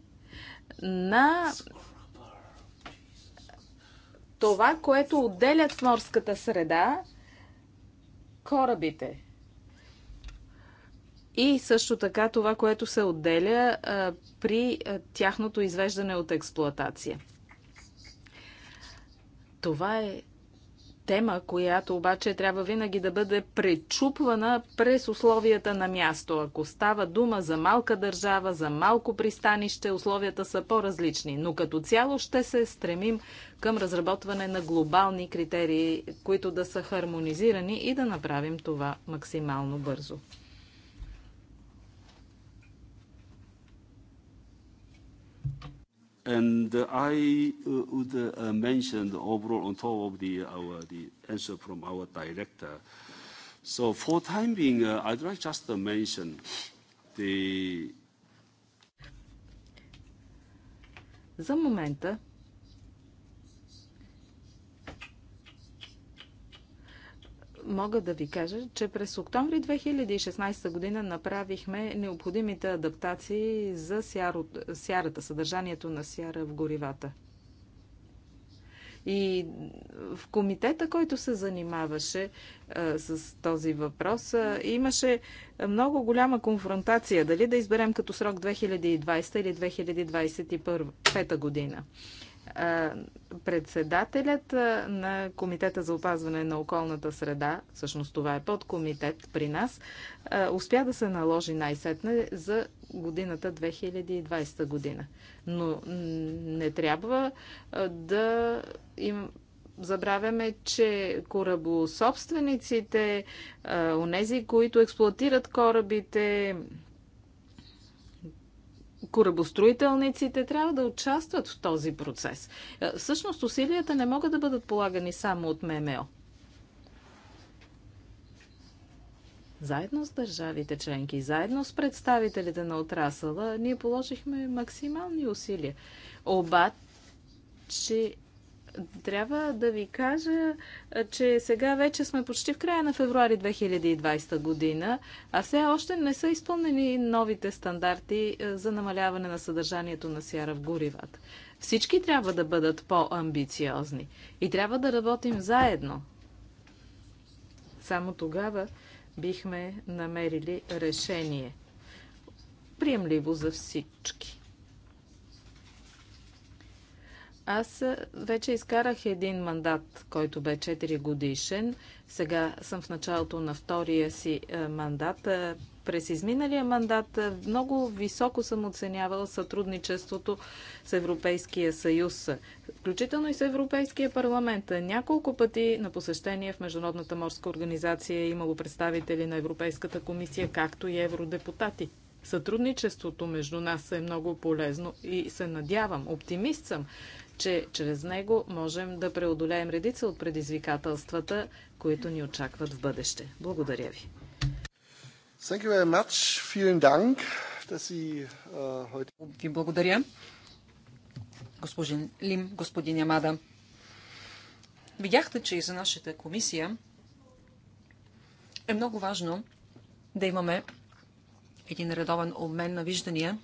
на това, което отделят в морската среда корабите. И също така това, което се отделя при тяхното извеждане от експлоатация. Това е тема, която обаче трябва винаги да бъде пречупвана през условията на място. Ако става дума за малка държава, за малко пристанище, условията са по-различни. Но като цяло ще се стремим към разработване на глобални критерии, които да са хармонизирани и да направим това максимално бързо. And uh, I uh, would uh, mention overall on top of the, our, the answer from our director. So for time being, uh, I'd like just to mention the... За момента мога да ви кажа, че през октомври 2016 година направихме необходимите адаптации за сярата, съдържанието на сяра в горивата. И в комитета, който се занимаваше а, с този въпрос, а, имаше много голяма конфронтация дали да изберем като срок 2020 или 2021 година председателят на Комитета за опазване на околната среда, всъщност това е подкомитет при нас, успя да се наложи най-сетне за годината 2020 година. Но не трябва да им забравяме, че корабособствениците, онези, които експлуатират корабите, корабостроителниците трябва да участват в този процес. Е, всъщност усилията не могат да бъдат полагани само от ММО. Заедно с държавите членки, заедно с представителите на отрасъла, ние положихме максимални усилия. Обаче трябва да ви кажа, че сега вече сме почти в края на февруари 2020 година, а все още не са изпълнени новите стандарти за намаляване на съдържанието на сяра в горивата. Всички трябва да бъдат по-амбициозни и трябва да работим заедно. Само тогава бихме намерили решение, приемливо за всички. Аз вече изкарах един мандат, който бе 4 годишен. Сега съм в началото на втория си мандат. През изминалия мандат много високо съм оценявала сътрудничеството с Европейския съюз, включително и с Европейския парламент. Няколко пъти на посещение в Международната морска организация е имало представители на Европейската комисия, както и евродепутати. Сътрудничеството между нас е много полезно и се надявам, оптимист съм, че чрез него можем да преодолеем редица от предизвикателствата, които ни очакват в бъдеще. Благодаря ви. Äh, ви благодаря, господин Лим, господин Ямада. Видяхте, че и за нашата комисия е много важно да имаме един редовен обмен на виждания.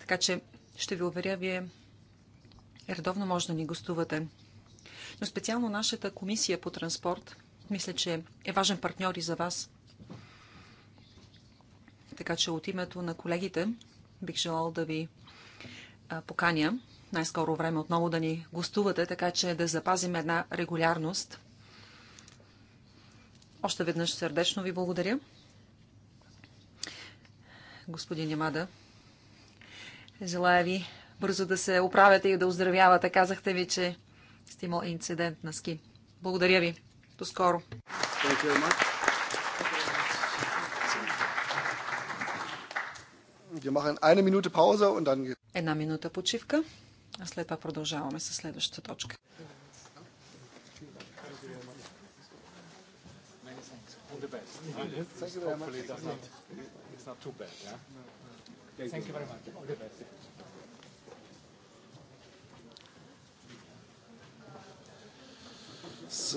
Така че ще ви уверя, вие редовно може да ни гостувате. Но специално нашата комисия по транспорт, мисля, че е важен партньор и за вас. Така че от името на колегите бих желал да ви поканя най-скоро време отново да ни гостувате, така че да запазим една регулярност. Още веднъж сърдечно ви благодаря. Господин Ямада, желая ви бързо да се оправяте и да оздравявате. Казахте ви, че сте имал инцидент на ски. Благодаря ви. До скоро. Една минута почивка, а след това продължаваме с следващата точка. Thank you very much. Hopefully it's not, Yeah? Thank you very much. All the best. с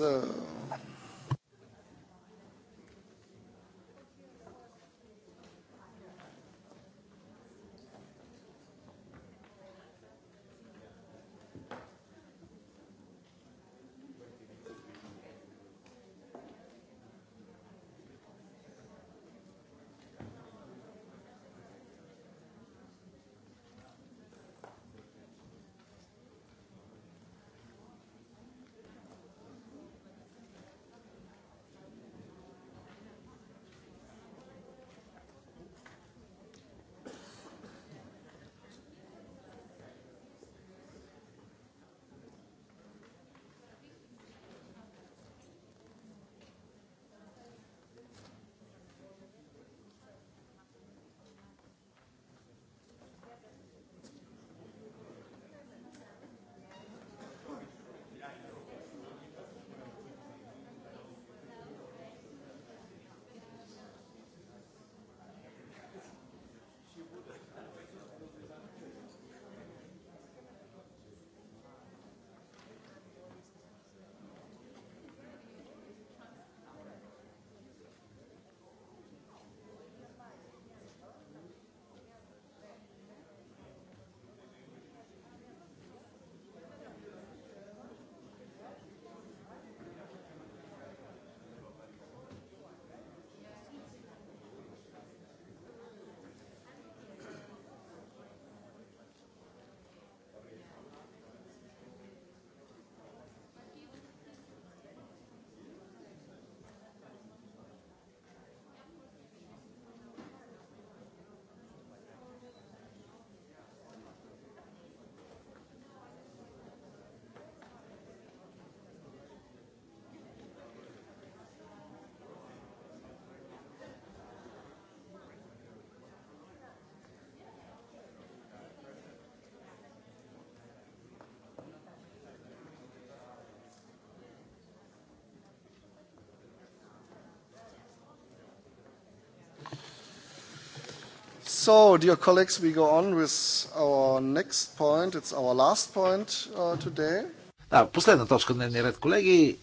So, dear colleagues, we go on with our next point. It's our last point uh, today. Да, последна точка на дневния ред, колеги.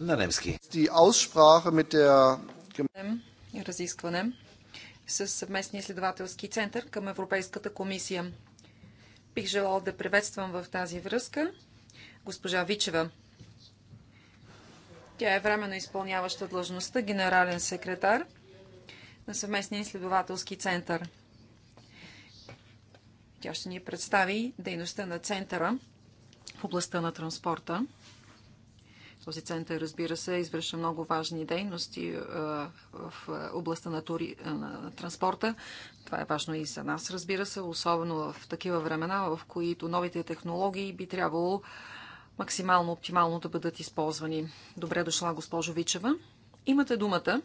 На немски. Разискване с съвместния следователски център към Европейската комисия. Бих желал да приветствам в тази връзка госпожа Вичева. Тя е временно изпълняваща длъжността генерален секретар – на съвместния изследователски център. Тя ще ни представи дейността на центъра в областта на транспорта. Този център, разбира се, извършва много важни дейности е, в областта на, тури... на транспорта. Това е важно и за нас, разбира се, особено в такива времена, в които новите технологии би трябвало максимално оптимално да бъдат използвани. Добре дошла, госпожо Вичева. Имате думата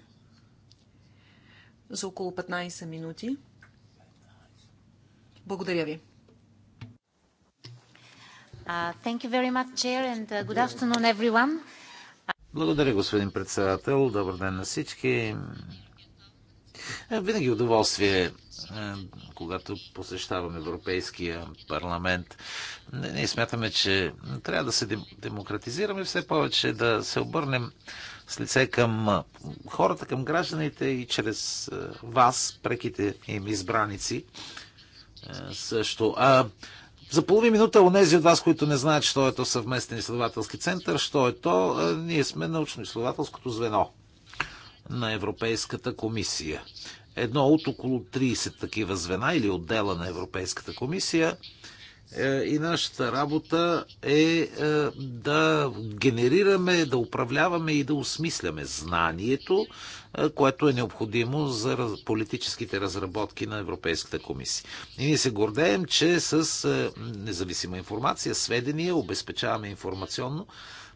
за около 15 минути. Благодаря ви. Uh, Благодаря, господин председател. Добър ден на всички. Е, винаги удоволствие, е, когато посещавам Европейския парламент. Ние смятаме, че трябва да се демократизираме все повече, да се обърнем с лице към хората, към гражданите и чрез вас, преките им избраници. Също. А, за половина минута нези от вас, които не знаят, що е то съвместен изследователски център, що е то, ние сме научно-изследователското звено на Европейската комисия. Едно от около 30 такива звена или отдела на Европейската комисия – е, и нашата работа е, е да генерираме, да управляваме и да осмисляме знанието, е, което е необходимо за политическите разработки на Европейската комисия. И ние се гордеем, че с независима информация, сведения, обезпечаваме информационно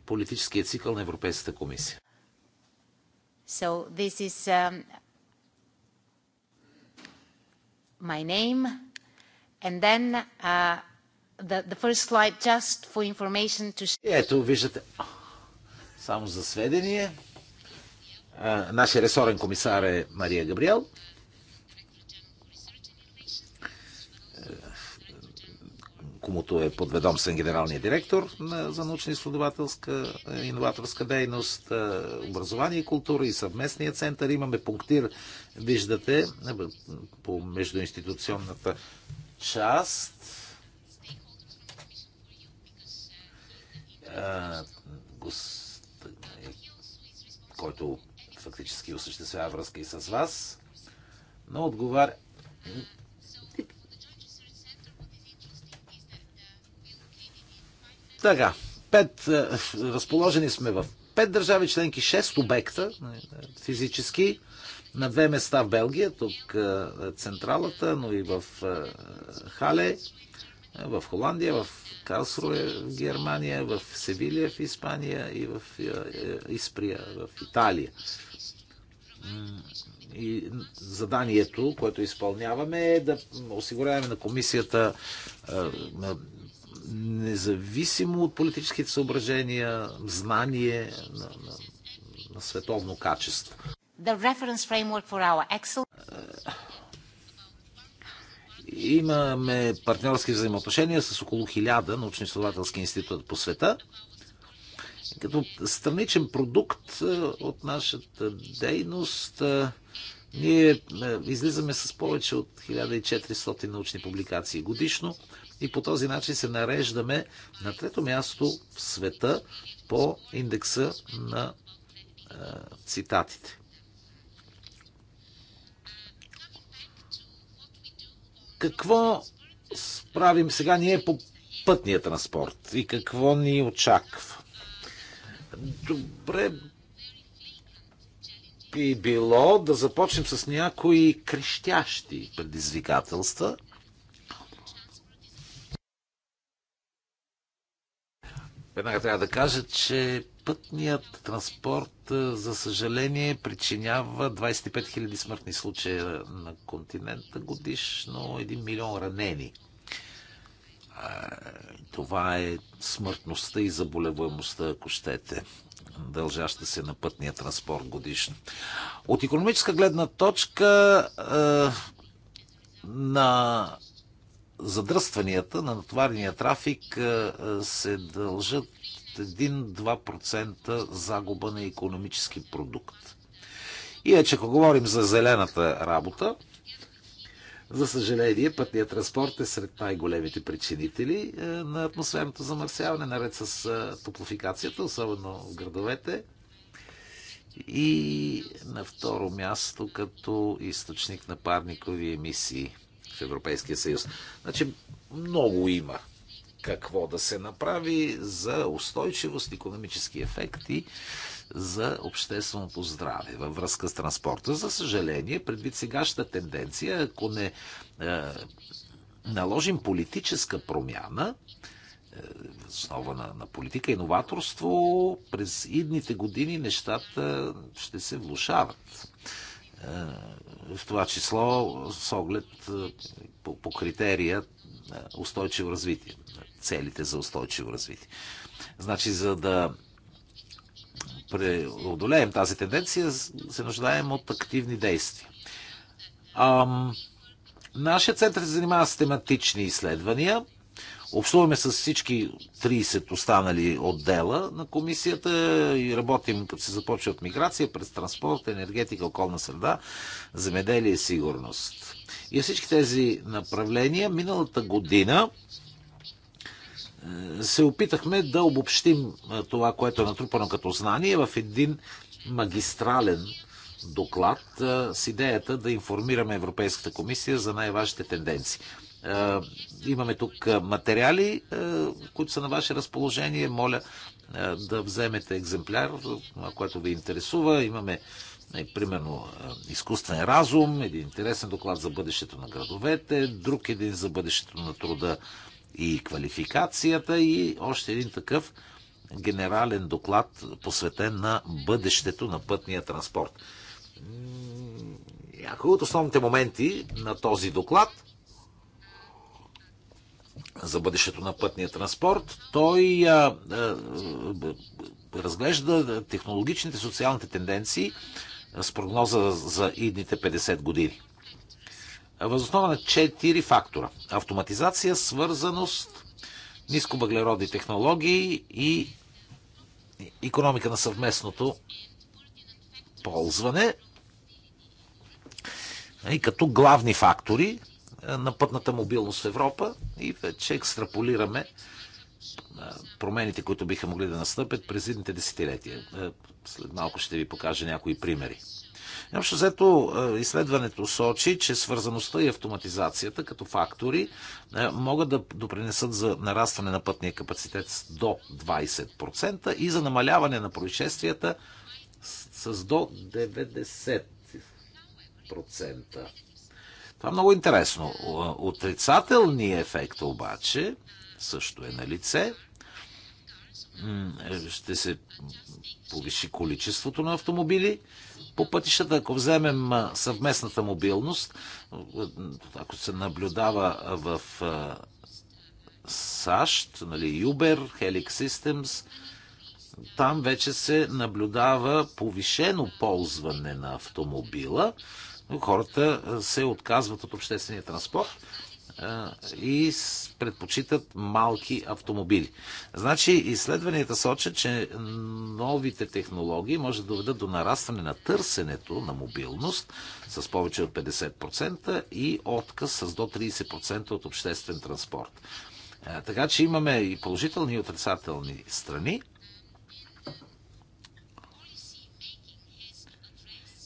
политическия цикъл на Европейската комисия. So this is um, my name, and then uh, the, the first slide just for information to... Ето, виждате, само за сведение, нашия ресорен комисар е Мария Габриел. комуто е подведомствен генералния директор на, за научно-изследователска е, иноваторска дейност, е, образование и култура и съвместния център. Имаме пунктир, виждате, е, по междуинституционната част който фактически осъществява връзка и с вас, но отговаря. Така, пет, разположени сме в пет държави членки, шест обекта физически, на две места в Белгия, тук централата, но и в Хале, в Холандия, в Калсруе, в Германия, в Севилия, в Испания и в е, е, Исприя, в Италия. И заданието, което изпълняваме е да осигуряваме на комисията е, независимо от политическите съображения, знание на, на, на световно качество. The reference framework for our Имаме партньорски взаимоотношения с около 1000 научно-изследователски институт по света. Като страничен продукт е, от нашата дейност е, ние е, излизаме с повече от 1400 научни публикации годишно и по този начин се нареждаме на трето място в света по индекса на цитатите. Какво правим сега ние по пътния транспорт и какво ни очаква? Добре би било да започнем с някои крещящи предизвикателства. Веднага трябва да кажа, че Пътният транспорт, е, за съжаление, причинява 25 000 смъртни случая на континента годишно, 1 милион ранени. Е, това е смъртността и заболеваемостта, ако щете, дължаща се на пътния транспорт годишно. От економическа гледна точка е, на задръстванията на натоварения трафик се дължат 1-2% загуба на економически продукт. И е, че ако говорим за зелената работа, за съжаление, пътният транспорт е сред най-големите причинители е, на атмосферното замърсяване, наред с е, топлофикацията, особено в градовете. И на второ място като източник на парникови емисии в Европейския съюз. Значи много има какво да се направи за устойчивост, економически ефекти за общественото здраве във връзка с транспорта. За съжаление, предвид сегашната тенденция, ако не е, наложим политическа промяна, е, основа на, на политика и новаторство, през идните години нещата ще се влушават. Е, в това число с оглед е, по, по критерия устойчиво развитие целите за устойчиво развитие. Значи, за да преодолеем тази тенденция, се нуждаем от активни действия. Ам, нашия център се занимава с тематични изследвания. Общуваме с всички 30 останали отдела на комисията и работим, като се започва от миграция, през транспорт, енергетика, околна среда, земеделие и сигурност. И всички тези направления миналата година се опитахме да обобщим това, което е натрупано като знание в един магистрален доклад с идеята да информираме Европейската комисия за най-важните тенденции. Имаме тук материали, които са на ваше разположение. Моля да вземете екземпляр, което ви интересува. Имаме примерно изкуствен разум, един интересен доклад за бъдещето на градовете, друг един за бъдещето на труда и квалификацията и още един такъв генерален доклад, посветен на бъдещето на пътния транспорт. Някои от основните моменти на този доклад за бъдещето на пътния транспорт, той а, а, разглежда технологичните социалните тенденции с прогноза за идните 50 години възоснова на четири фактора. Автоматизация, свързаност, нисковъглеродни технологии и економика на съвместното ползване. И като главни фактори е, на пътната мобилност в Европа и вече екстраполираме е, промените, които биха могли да настъпят през едните десетилетия. Е, след малко ще ви покажа някои примери. Общо взето е, изследването сочи, че свързаността и автоматизацията като фактори е, могат да допринесат за нарастване на пътния капацитет до 20% и за намаляване на происшествията с до 90%. Това е много интересно. Отрицателният ефект обаче също е на лице. Е, ще се повиши количеството на автомобили, по пътищата, ако вземем съвместната мобилност, ако се наблюдава в САЩ, нали, Uber, Helix Systems, там вече се наблюдава повишено ползване на автомобила. Хората се отказват от обществения транспорт и предпочитат малки автомобили. Значи изследванията сочат, че новите технологии може да доведат до нарастване на търсенето на мобилност с повече от 50% и отказ с до 30% от обществен транспорт. Така че имаме и положителни и отрицателни страни.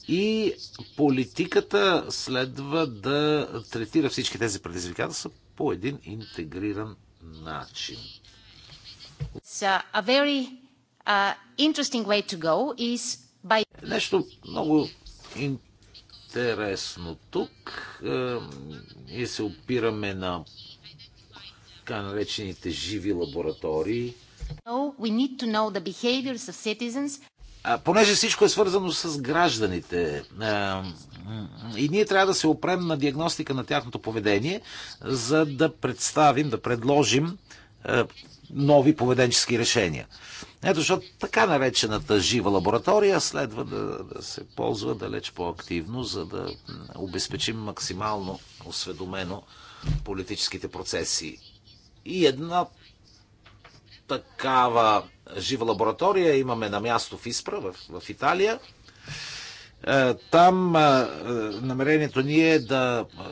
И политиката следва да третира всички тези предизвикателства по един интегриран начин. Uh, Нещо много интересно тук. Е, ние се опираме на така наречените живи лаборатории. No, понеже всичко е свързано с гражданите и ние трябва да се опрем на диагностика на тяхното поведение, за да представим, да предложим нови поведенчески решения. Ето, защото така наречената жива лаборатория следва да, да се ползва далеч по-активно, за да обезпечим максимално осведомено политическите процеси. И една такава жива лаборатория имаме на място в Испра, в, в Италия. Е, там е, намерението ни е да е,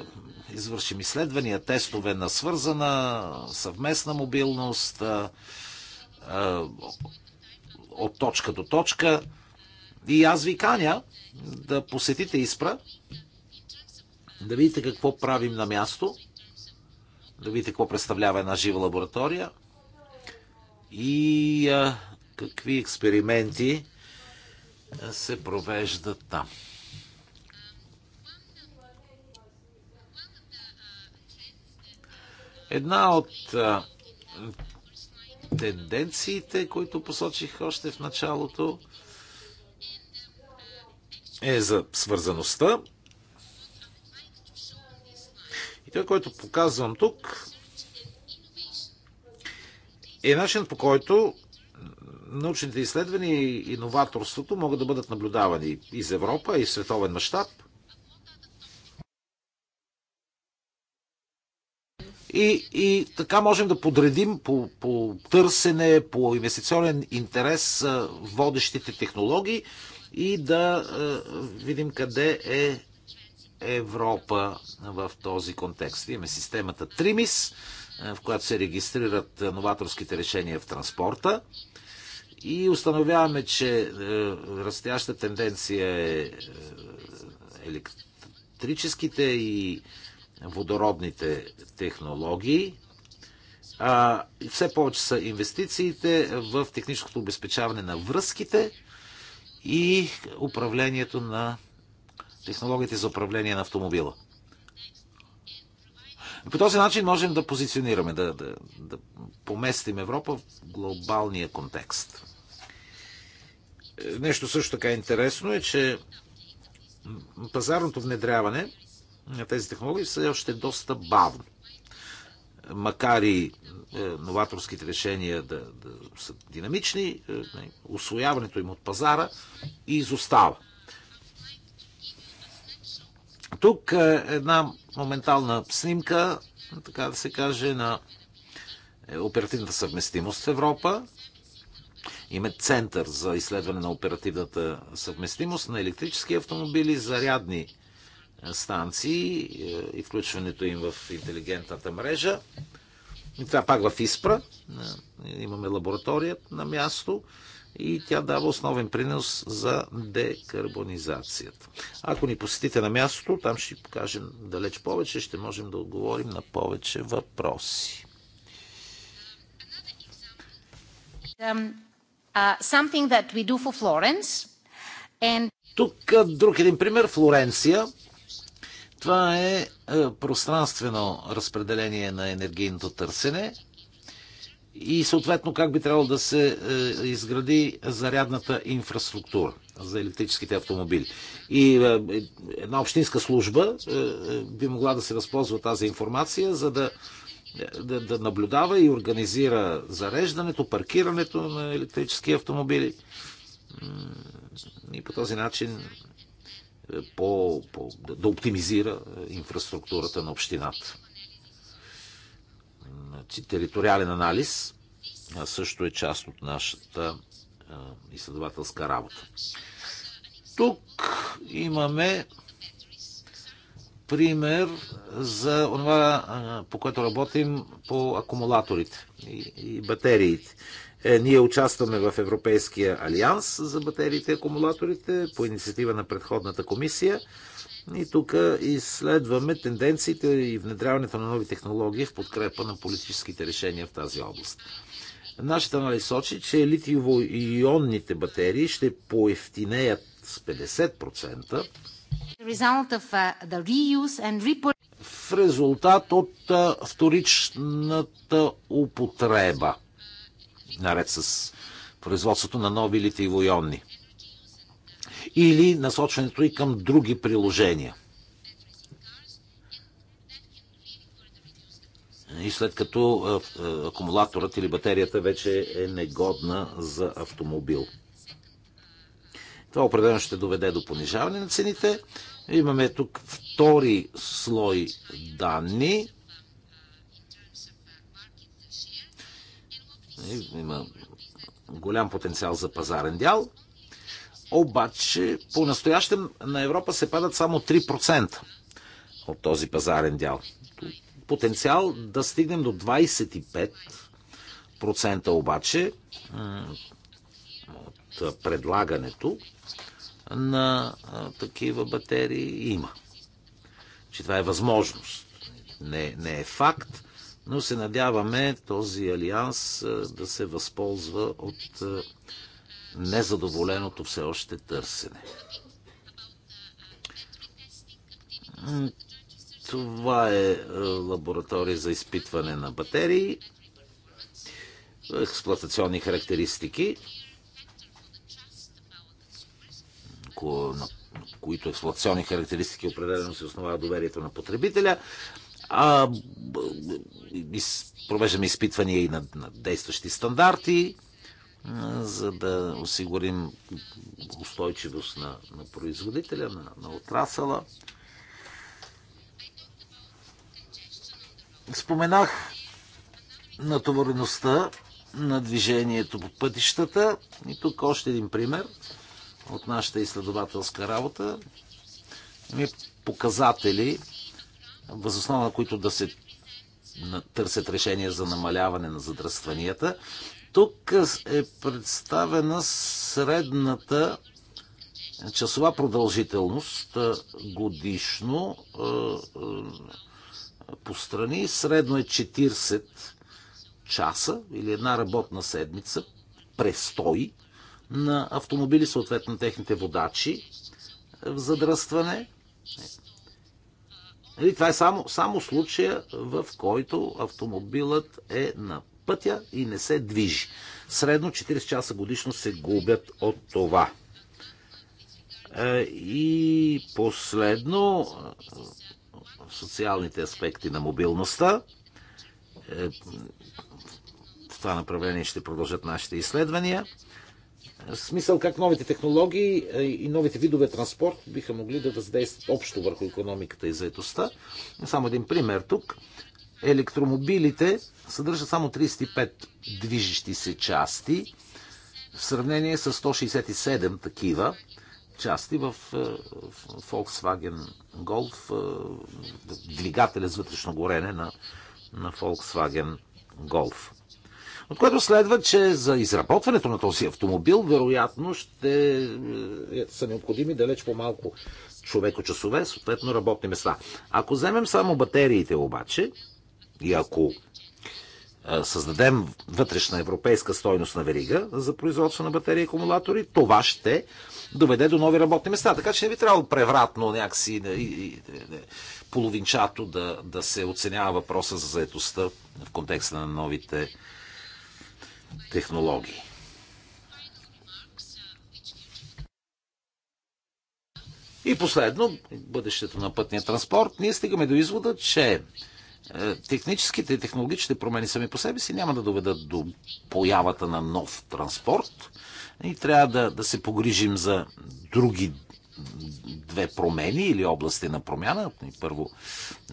извършим изследвания, тестове на свързана, съвместна мобилност от точка до точка. И аз ви каня да посетите Испра, да видите какво правим на място, да видите какво представлява една жива лаборатория – и а, какви експерименти се провеждат там. Една от а, тенденциите, които посочих още в началото, е за свързаността. И това, което показвам тук, е начинът по който научните изследвания и иноваторството могат да бъдат наблюдавани из Европа, и в световен мащаб. И, и така можем да подредим по, по търсене, по инвестиционен интерес водещите технологии и да е, видим къде е Европа в този контекст. Имаме системата Тримис, в която се регистрират новаторските решения в транспорта. И установяваме, че е, растяща тенденция е, е електрическите и водородните технологии. А, все повече са инвестициите в техническото обезпечаване на връзките и управлението на технологиите за управление на автомобила. По този начин можем да позиционираме, да, да, да поместим Европа в глобалния контекст. Нещо също така е интересно е, че пазарното внедряване на тези технологии са още е доста бавно. Макар и е, новаторските решения да, да са динамични, освояването им от пазара и изостава. Тук е една моментална снимка, така да се каже, на е, оперативната съвместимост в Европа. Има център за изследване на оперативната съвместимост на електрически автомобили, зарядни е, станции е, и включването им в интелигентната мрежа. И това пак в Испра. Имаме лаборатория на място и тя дава основен принос за декарбонизацията. Ако ни посетите на мястото, там ще покажем далеч повече, ще можем да отговорим на повече въпроси. Um, uh, And... Тук друг един пример Флоренция. Това е, е пространствено разпределение на енергийното търсене и съответно как би трябвало да се е, изгради зарядната инфраструктура за електрическите автомобили. И е, една общинска служба е, би могла да се възползва тази информация, за да, да, да наблюдава и организира зареждането, паркирането на електрически автомобили. И по този начин по, по, да оптимизира инфраструктурата на общината териториален анализ също е част от нашата изследователска работа. Тук имаме пример за това, по което работим по акумулаторите и батериите. Е, ние участваме в Европейския алианс за батериите и акумулаторите по инициатива на предходната комисия – и тук изследваме тенденциите и внедряването на нови технологии в подкрепа на политическите решения в тази област. Нашата анализ сочи, че литиево-ионните батерии ще поевтинеят с 50% uh, в резултат от вторичната употреба, наред с производството на нови литиево-ионни или насочването и към други приложения. И след като акумулаторът или батерията вече е негодна за автомобил. Това определено ще доведе до понижаване на цените. Имаме тук втори слой данни. Има голям потенциал за пазарен дял. Обаче, по-настоящем на Европа се падат само 3% от този пазарен дял. Потенциал да стигнем до 25% обаче от предлагането на такива батерии има. Че това е възможност. Не, не е факт, но се надяваме този алианс да се възползва от незадоволеното все още търсене. Това е, е лаборатория за изпитване на батерии, експлуатационни характеристики, на които експлуатационни характеристики определено се основава доверието на потребителя. А, провеждаме изпитвания и на, на действащи стандарти, за да осигурим устойчивост на, на производителя, на, на отрасъла. Споменах натовареността на движението по пътищата. И тук още един пример от нашата изследователска работа. Имаме показатели, възоснова на които да се търсят решения за намаляване на задръстванията. Тук е представена средната часова продължителност годишно по страни. Средно е 40 часа или една работна седмица престой на автомобили, съответно техните водачи в задръстване. това е само, само случая, в който автомобилът е на пътя и не се движи. Средно 40 часа годишно се губят от това. Е, и последно, е, социалните аспекти на мобилността. Е, в това направление ще продължат нашите изследвания. В смисъл как новите технологии и новите видове транспорт биха могли да въздействат общо върху економиката и заедостта. Само един пример тук. Електромобилите съдържа само 35 движещи се части в сравнение с 167 такива части в е, Volkswagen Golf, е, двигателя с вътрешно горене на, на Volkswagen Golf. От което следва, че за изработването на този автомобил вероятно ще е, са необходими далеч по-малко човекочасове, съответно работни места. Ако вземем само батериите обаче, и ако създадем вътрешна европейска стойност на верига за производство на батерии и акумулатори, това ще доведе до нови работни места. Така че не би трябвало превратно някакси половинчато да, да се оценява въпроса за заедостта в контекста на новите технологии. И последно, бъдещето на пътния транспорт, ние стигаме до извода, че е, техническите и технологичните промени сами по себе си няма да доведат до появата на нов транспорт. И трябва да, да се погрижим за други две промени или области на промяна. Първо,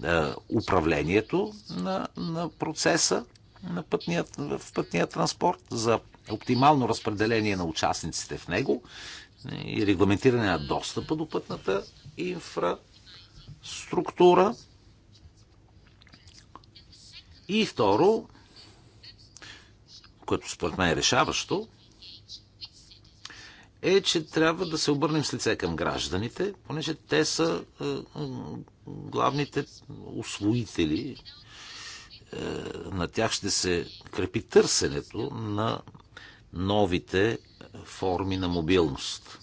е, управлението на, на процеса на пътния, в пътния транспорт, за оптимално разпределение на участниците в него и регламентиране на достъпа до пътната инфраструктура и второ, което според мен е решаващо, е, че трябва да се обърнем с лице към гражданите, понеже те са е, главните освоители. Е, на тях ще се крепи търсенето на новите форми на мобилност.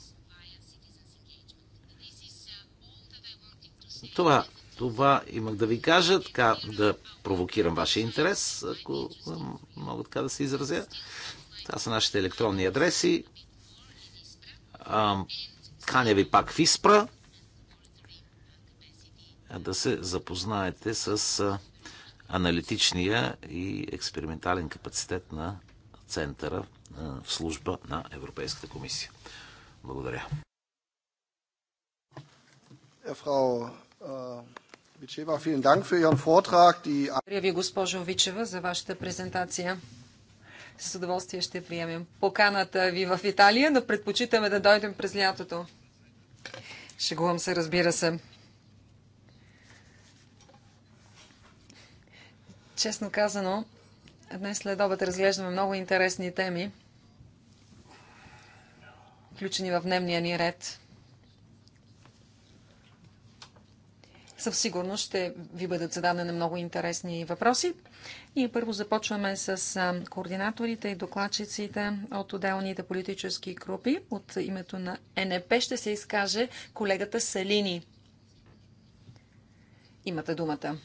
Това това имах да ви кажа, така да провокирам вашия интерес, ако мога така да се изразя. Това са нашите електронни адреси. Каня ви пак в Испра да се запознаете с аналитичния и експериментален капацитет на центъра в служба на Европейската комисия. Благодаря. Frau е, благодаря ви, госпожо Вичева, за вашата презентация. С удоволствие ще приемем поканата ви в Италия, но предпочитаме да дойдем през лятото. Шегувам се, разбира се. Честно казано, днес след обед разглеждаме много интересни теми, включени в дневния ни ред. със сигурност ще ви бъдат зададени много интересни въпроси. И първо започваме с координаторите и докладчиците от отделните политически групи. От името на НП ще се изкаже колегата Салини. Имате думата.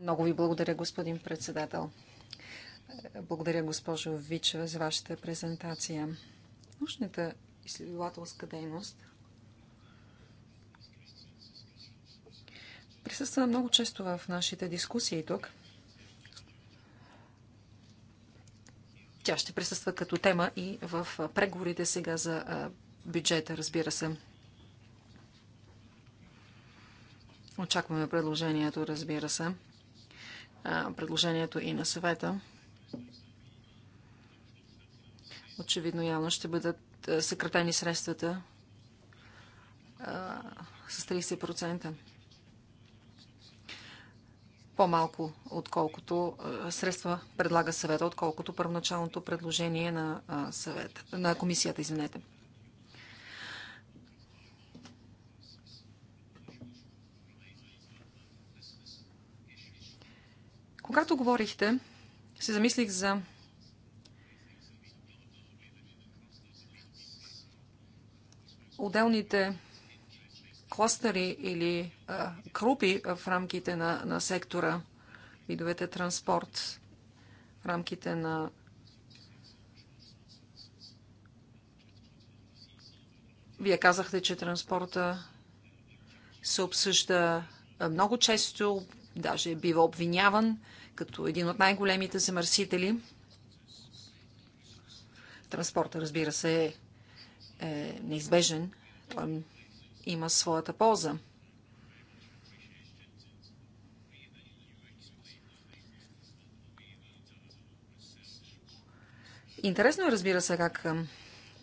Много ви благодаря, господин председател. Благодаря, госпожо Вичева, за вашата презентация научната изследователска дейност присъства много често в нашите дискусии тук. Тя ще присъства като тема и в преговорите сега за бюджета, разбира се. Очакваме предложението, разбира се. Предложението и на съвета. Очевидно явно ще бъдат е, съкратени средствата а, е, с 30%. По-малко, отколкото а, е, средства предлага съвета, отколкото първоначалното предложение на, а, на комисията. Извинете. Когато говорихте, се замислих за отделните кластери или групи в рамките на, на сектора, видовете транспорт, в рамките на Вие казахте, че транспорта се обсъжда много често, даже е бива обвиняван като един от най-големите замърсители. Транспорта, разбира се, е е неизбежен. Той има своята полза. Интересно е, разбира се, как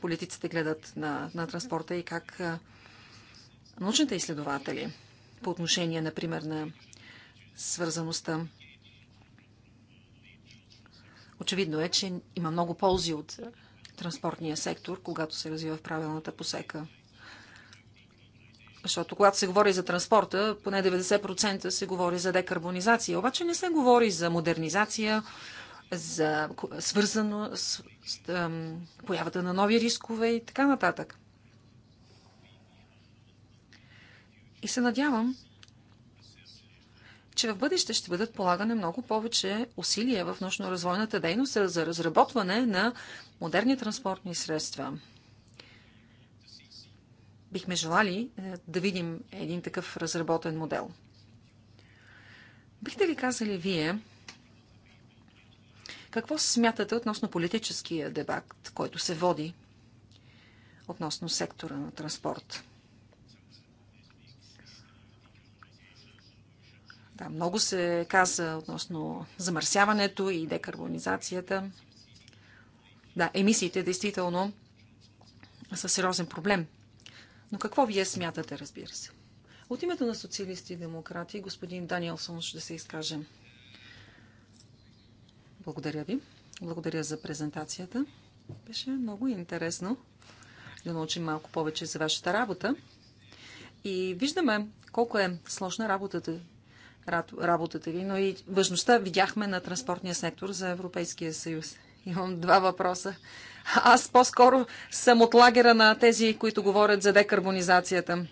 политиците гледат на, на транспорта и как научните изследователи по отношение, например, на свързаността. Очевидно е, че има много ползи от транспортния сектор, когато се развива в правилната посека. Защото когато се говори за транспорта, поне 90% се говори за декарбонизация. Обаче не се говори за модернизация, за свързано с, с ам, появата на нови рискове и така нататък. И се надявам, че в бъдеще ще бъдат полагани много повече усилия в научно-развойната дейност за разработване на модерни транспортни средства. Бихме желали е, да видим един такъв разработен модел. Бихте ли казали вие какво смятате относно политическия дебат, който се води относно сектора на транспорт? Да, много се каза относно замърсяването и декарбонизацията. Да, емисиите действително са сериозен проблем. Но какво вие смятате, разбира се? От името на социалисти и демократи, господин Даниелсон ще се изкаже. Благодаря ви. Благодаря за презентацията. Беше много интересно да научим малко повече за вашата работа. И виждаме колко е сложна работата работата ви, но и важността видяхме на транспортния сектор за Европейския съюз. Имам два въпроса. Аз по-скоро съм от лагера на тези, които говорят за декарбонизацията.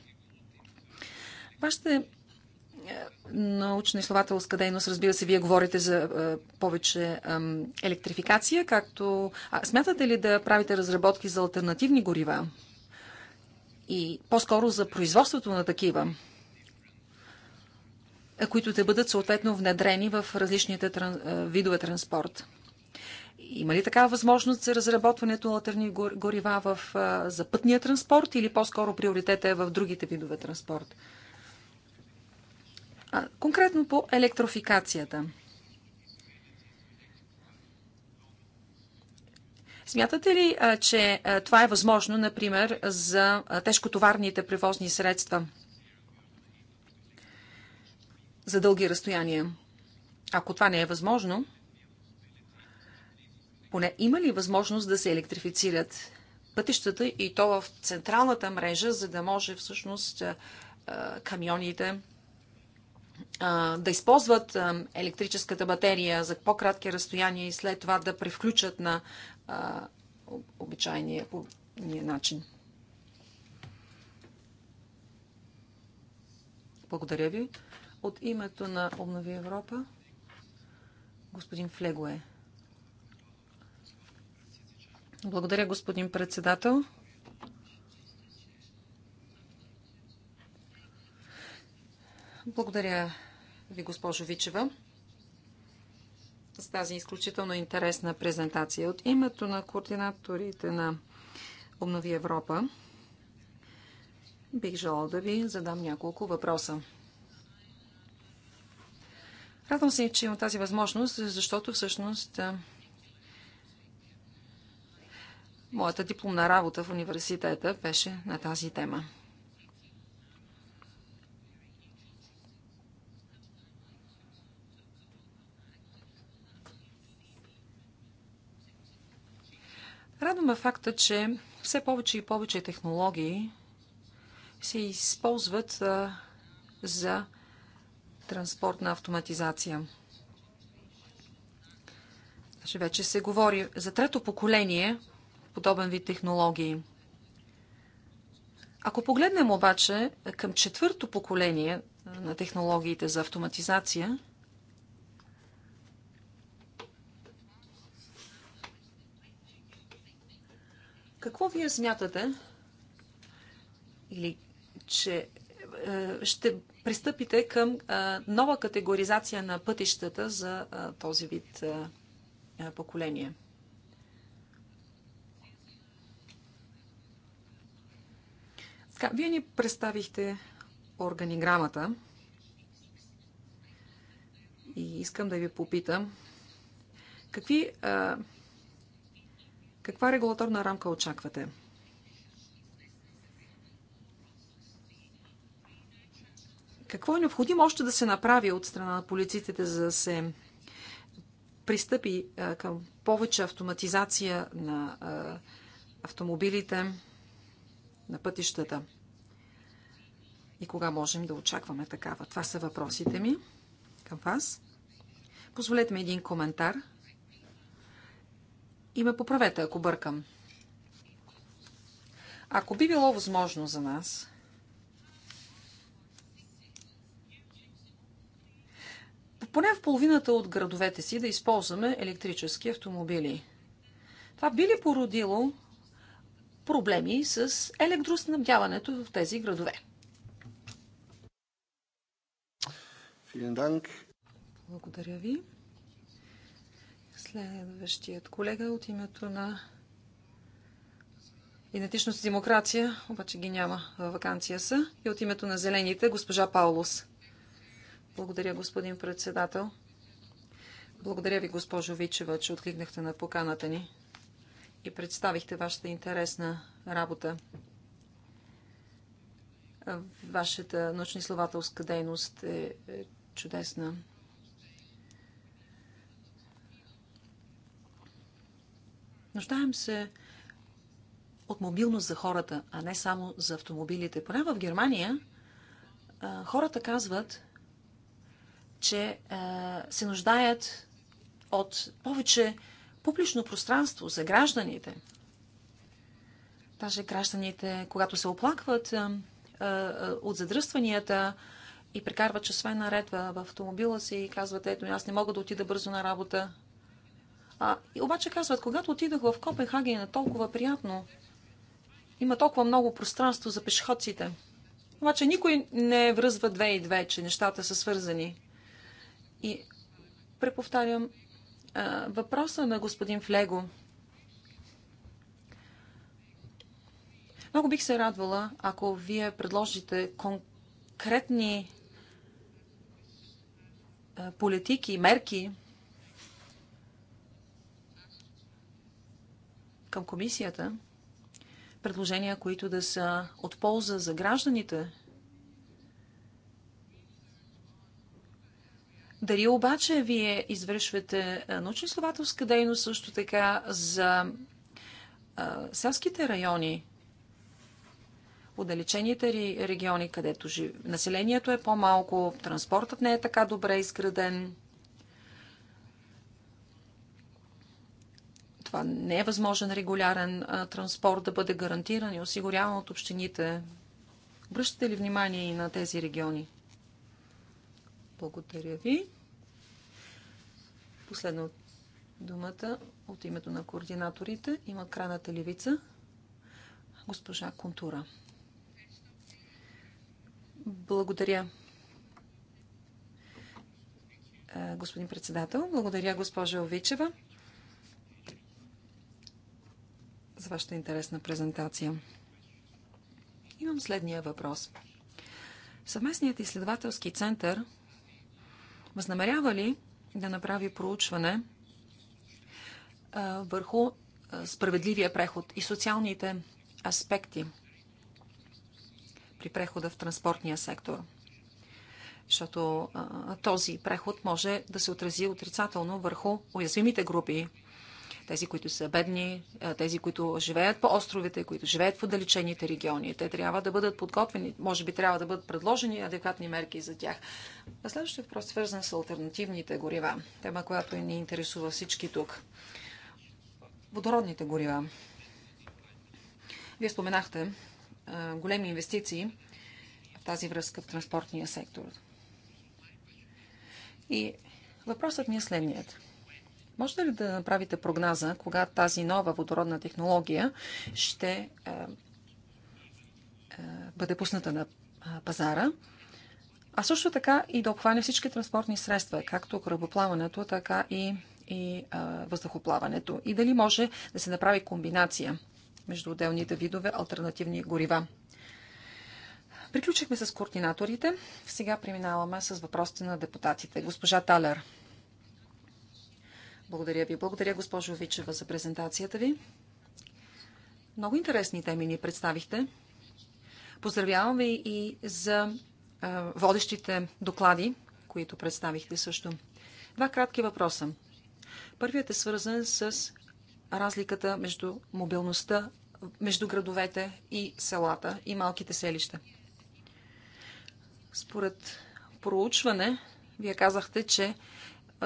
Вашите научно-изследователска дейност, разбира се, вие говорите за е, повече електрификация, както... А, смятате ли да правите разработки за альтернативни горива? И по-скоро за производството на такива? които да бъдат съответно внедрени в различните видове транспорт. Има ли такава възможност за разработването на алтерни горива в, за пътния транспорт или по-скоро приоритета е в другите видове транспорт? А, конкретно по електрофикацията. Смятате ли, че това е възможно, например, за тежкотоварните превозни средства – за дълги разстояния. Ако това не е възможно, поне има ли възможност да се електрифицират пътищата и то в централната мрежа, за да може всъщност камионите да използват електрическата батерия за по-кратки разстояния и след това да превключат на обичайния начин. Благодаря ви. От името на Обнови Европа, господин Флегое. Благодаря, господин председател. Благодаря ви, госпожо Вичева, за тази изключително интересна презентация. От името на координаторите на Обнови Европа бих желал да ви задам няколко въпроса. Радвам се, че имам тази възможност, защото всъщност моята дипломна работа в университета беше на тази тема. Радваме факта, че все повече и повече технологии се използват а, за транспортна автоматизация. Значи вече се говори за трето поколение подобен вид технологии. Ако погледнем обаче към четвърто поколение на технологиите за автоматизация, какво вие смятате или че е, ще пристъпите към нова категоризация на пътищата за този вид поколение. Така, вие ни представихте органиграмата и искам да ви попитам какви, а, каква регулаторна рамка очаквате? Какво е необходимо още да се направи от страна на полиците, за да се пристъпи към повече автоматизация на автомобилите на пътищата? И кога можем да очакваме такава? Това са въпросите ми към вас. Позволете ми един коментар и ме поправете, ако бъркам. Ако би било възможно за нас поне в половината от градовете си да използваме електрически автомобили. Това би ли породило проблеми с електроснабдяването в тези градове? Благодаря ви. Следващият колега от името на Идентичност и демокрация, обаче ги няма във вакансия са, и от името на Зелените, госпожа Паулус. Благодаря, господин председател. Благодаря ви, госпожо Вичева, че откликнахте на поканата ни и представихте вашата интересна работа. Вашата научно-изследователска дейност е, е чудесна. Нуждаем се от мобилност за хората, а не само за автомобилите. Поне в Германия хората казват, че е, се нуждаят от повече публично пространство за гражданите. Даже гражданите, когато се оплакват е, е, от задръстванията и прекарват часове наред в автомобила си и казват, ето, аз не мога да отида бързо на работа. А, и обаче казват, когато отидох в Копенхаген е толкова приятно, има толкова много пространство за пешеходците. Обаче никой не връзва две и две, че нещата са свързани. И преповтарям въпроса на господин Флего. Много бих се радвала, ако вие предложите конкретни политики, мерки към комисията, предложения, които да са от полза за гражданите Дали обаче вие извършвате научно-изследователска дейност също така за а, селските райони, отдалечените региони, където жив... населението е по-малко, транспортът не е така добре изграден. Това не е възможен регулярен а, транспорт да бъде гарантиран и осигуряван от общините. Обръщате ли внимание и на тези региони? Благодаря ви. Последно думата от името на координаторите има крайната левица, госпожа Контура. Благодаря. Е, господин председател, благодаря госпожа Овичева за вашата интересна презентация. Имам следния въпрос. Съвместният изследователски център възнамерява ли да направи проучване върху справедливия преход и социалните аспекти при прехода в транспортния сектор. Защото този преход може да се отрази отрицателно върху уязвимите групи тези, които са бедни, тези, които живеят по островите, които живеят в отдалечените региони. Те трябва да бъдат подготвени, може би трябва да бъдат предложени адекватни мерки за тях. А следващия въпрос е свързан с альтернативните горива. Тема, която ни интересува всички тук. Водородните горива. Вие споменахте големи инвестиции в тази връзка в транспортния сектор. И въпросът ми е следният. Можете ли да направите прогноза, кога тази нова водородна технология ще е, е, бъде пусната на е, пазара? А също така и да обхване всички транспортни средства, както корабоплаването, така и, и а, въздухоплаването. И дали може да се направи комбинация между отделните видове альтернативни горива. Приключихме с координаторите. Сега преминаваме с въпросите на депутатите. Госпожа Талер. Благодаря ви. Благодаря, госпожо Вичева, за презентацията ви. Много интересни теми ни представихте. Поздравявам ви и за водещите доклади, които представихте също. Два кратки въпроса. Първият е свързан с разликата между мобилността между градовете и селата и малките селища. Според проучване, вие казахте, че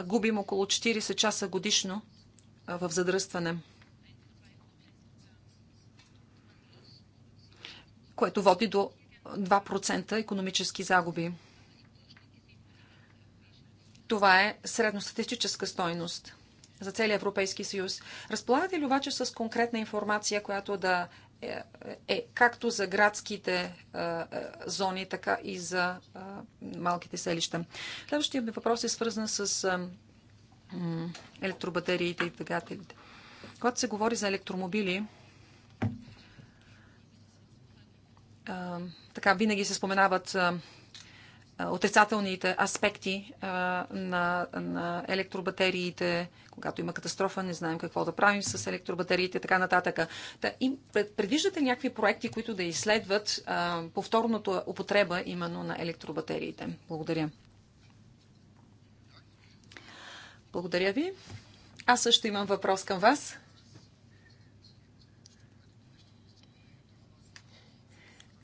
губим около 40 часа годишно в задръстване. което води до 2% економически загуби. Това е средностатистическа стойност за целия Европейски съюз. Разполагате ли обаче с конкретна информация, която да е, е както за градските е, е, зони, така и за малките селища. Следващия ми въпрос е свързан с електробатериите и двигателите. Когато се говори за електромобили, така винаги се споменават отрицателните аспекти на, на електробатериите, когато има катастрофа, не знаем какво да правим с електробатериите, така нататък. Та, им, предвиждате някакви проекти, които да изследват повторното употреба именно на електробатериите? Благодаря. Благодаря ви. Аз също имам въпрос към вас.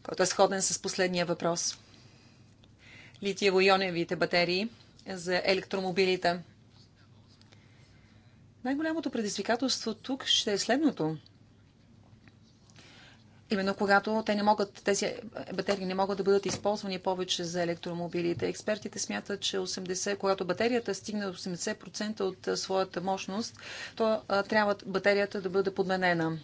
който е сходен с последния въпрос литиево-ионевите батерии за електромобилите. Най-голямото предизвикателство тук ще е следното. Именно когато те не могат, тези батерии не могат да бъдат използвани повече за електромобилите. Експертите смятат, че 80, когато батерията стигне 80% от своята мощност, то а, трябва батерията да бъде подменена.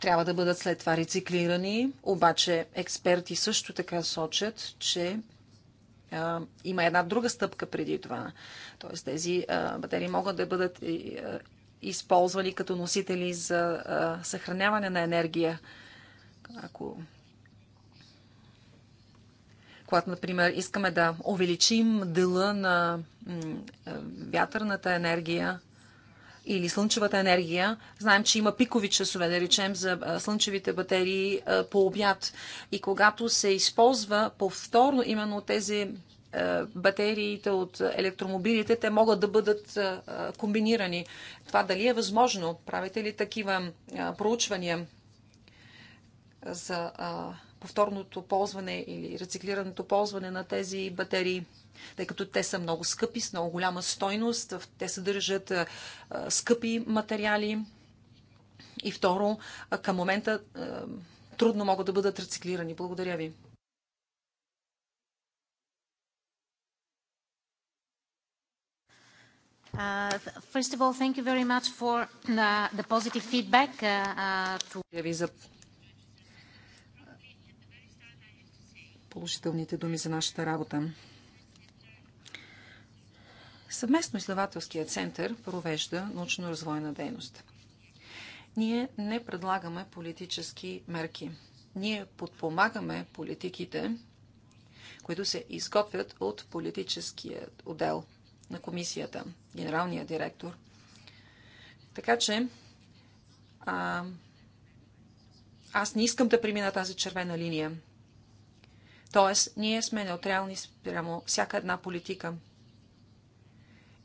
трябва да бъдат след това рециклирани, обаче експерти също така сочат, че а, има една друга стъпка преди това. Тоест тези а, батерии могат да бъдат и, а, използвани като носители за а, съхраняване на енергия. Ако когато, например, искаме да увеличим дела на вятърната енергия или слънчевата енергия. Знаем, че има пикови часове, да речем, за слънчевите батерии по обяд. И когато се използва повторно именно тези батериите от електромобилите, те могат да бъдат комбинирани. Това дали е възможно? Правите ли такива проучвания за повторното ползване или рециклираното ползване на тези батерии? тъй като те са много скъпи, с много голяма стойност, те съдържат скъпи материали. И второ, към момента трудно могат да бъдат рециклирани. Благодаря ви. Uh, first of all, thank you very much for the, uh, the positive feedback uh, uh to... за положителните думи за нашата работа. Съвместно изследователският център провежда научно-развойна дейност. Ние не предлагаме политически мерки. Ние подпомагаме политиките, които се изготвят от политическия отдел на комисията, генералния директор. Така че а, аз не искам да премина тази червена линия. Тоест, ние сме неутрални спрямо всяка една политика –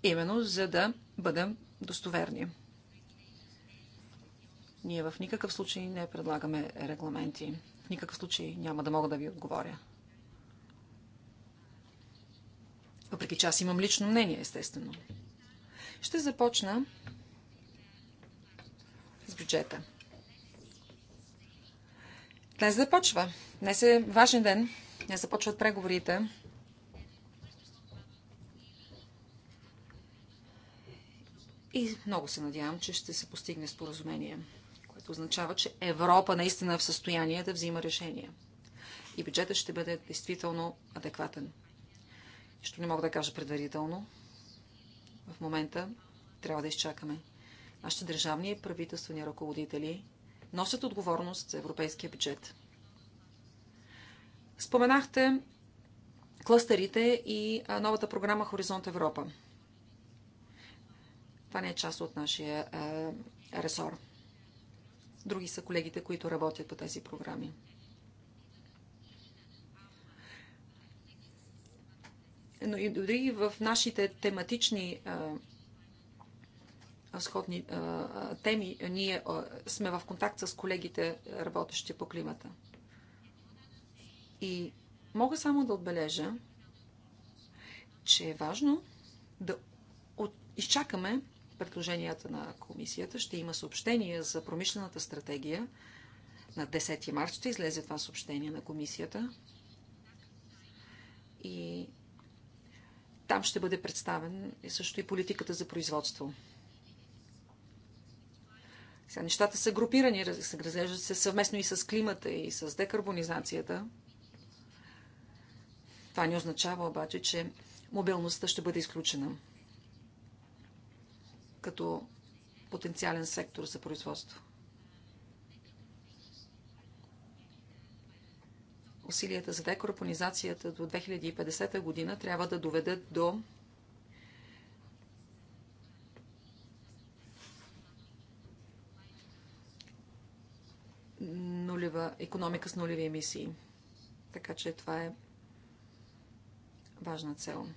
именно за да бъдем достоверни. Ние в никакъв случай не предлагаме регламенти. В никакъв случай няма да мога да ви отговоря. Въпреки че аз имам лично мнение, естествено. Ще започна с бюджета. Днес започва. Днес е важен ден. Днес започват преговорите И много се надявам, че ще се постигне споразумение, което означава, че Европа наистина е в състояние да взима решения. И бюджетът ще бъде действително адекватен. Що не мога да кажа предварително. В момента трябва да изчакаме. Нашите държавни и правителствени ръководители носят отговорност за европейския бюджет. Споменахте клъстерите и новата програма Хоризонт Европа. Това не е част от нашия е, ресор. Други са колегите, които работят по тези програми. Но и дори в нашите тематични е, сходни е, теми, ние сме в контакт с колегите, работещи по климата. И мога само да отбележа, че е важно да изчакаме предложенията на комисията. Ще има съобщение за промишлената стратегия. На 10 март ще излезе това съобщение на комисията. И там ще бъде представен и също и политиката за производство. Сега нещата са групирани, разглеждат се съвместно и с климата, и с декарбонизацията. Това не означава обаче, че мобилността ще бъде изключена като потенциален сектор за производство. Усилията за декарбонизацията до 2050 година трябва да доведат до нулева економика с нулеви емисии. Така че това е важна цел.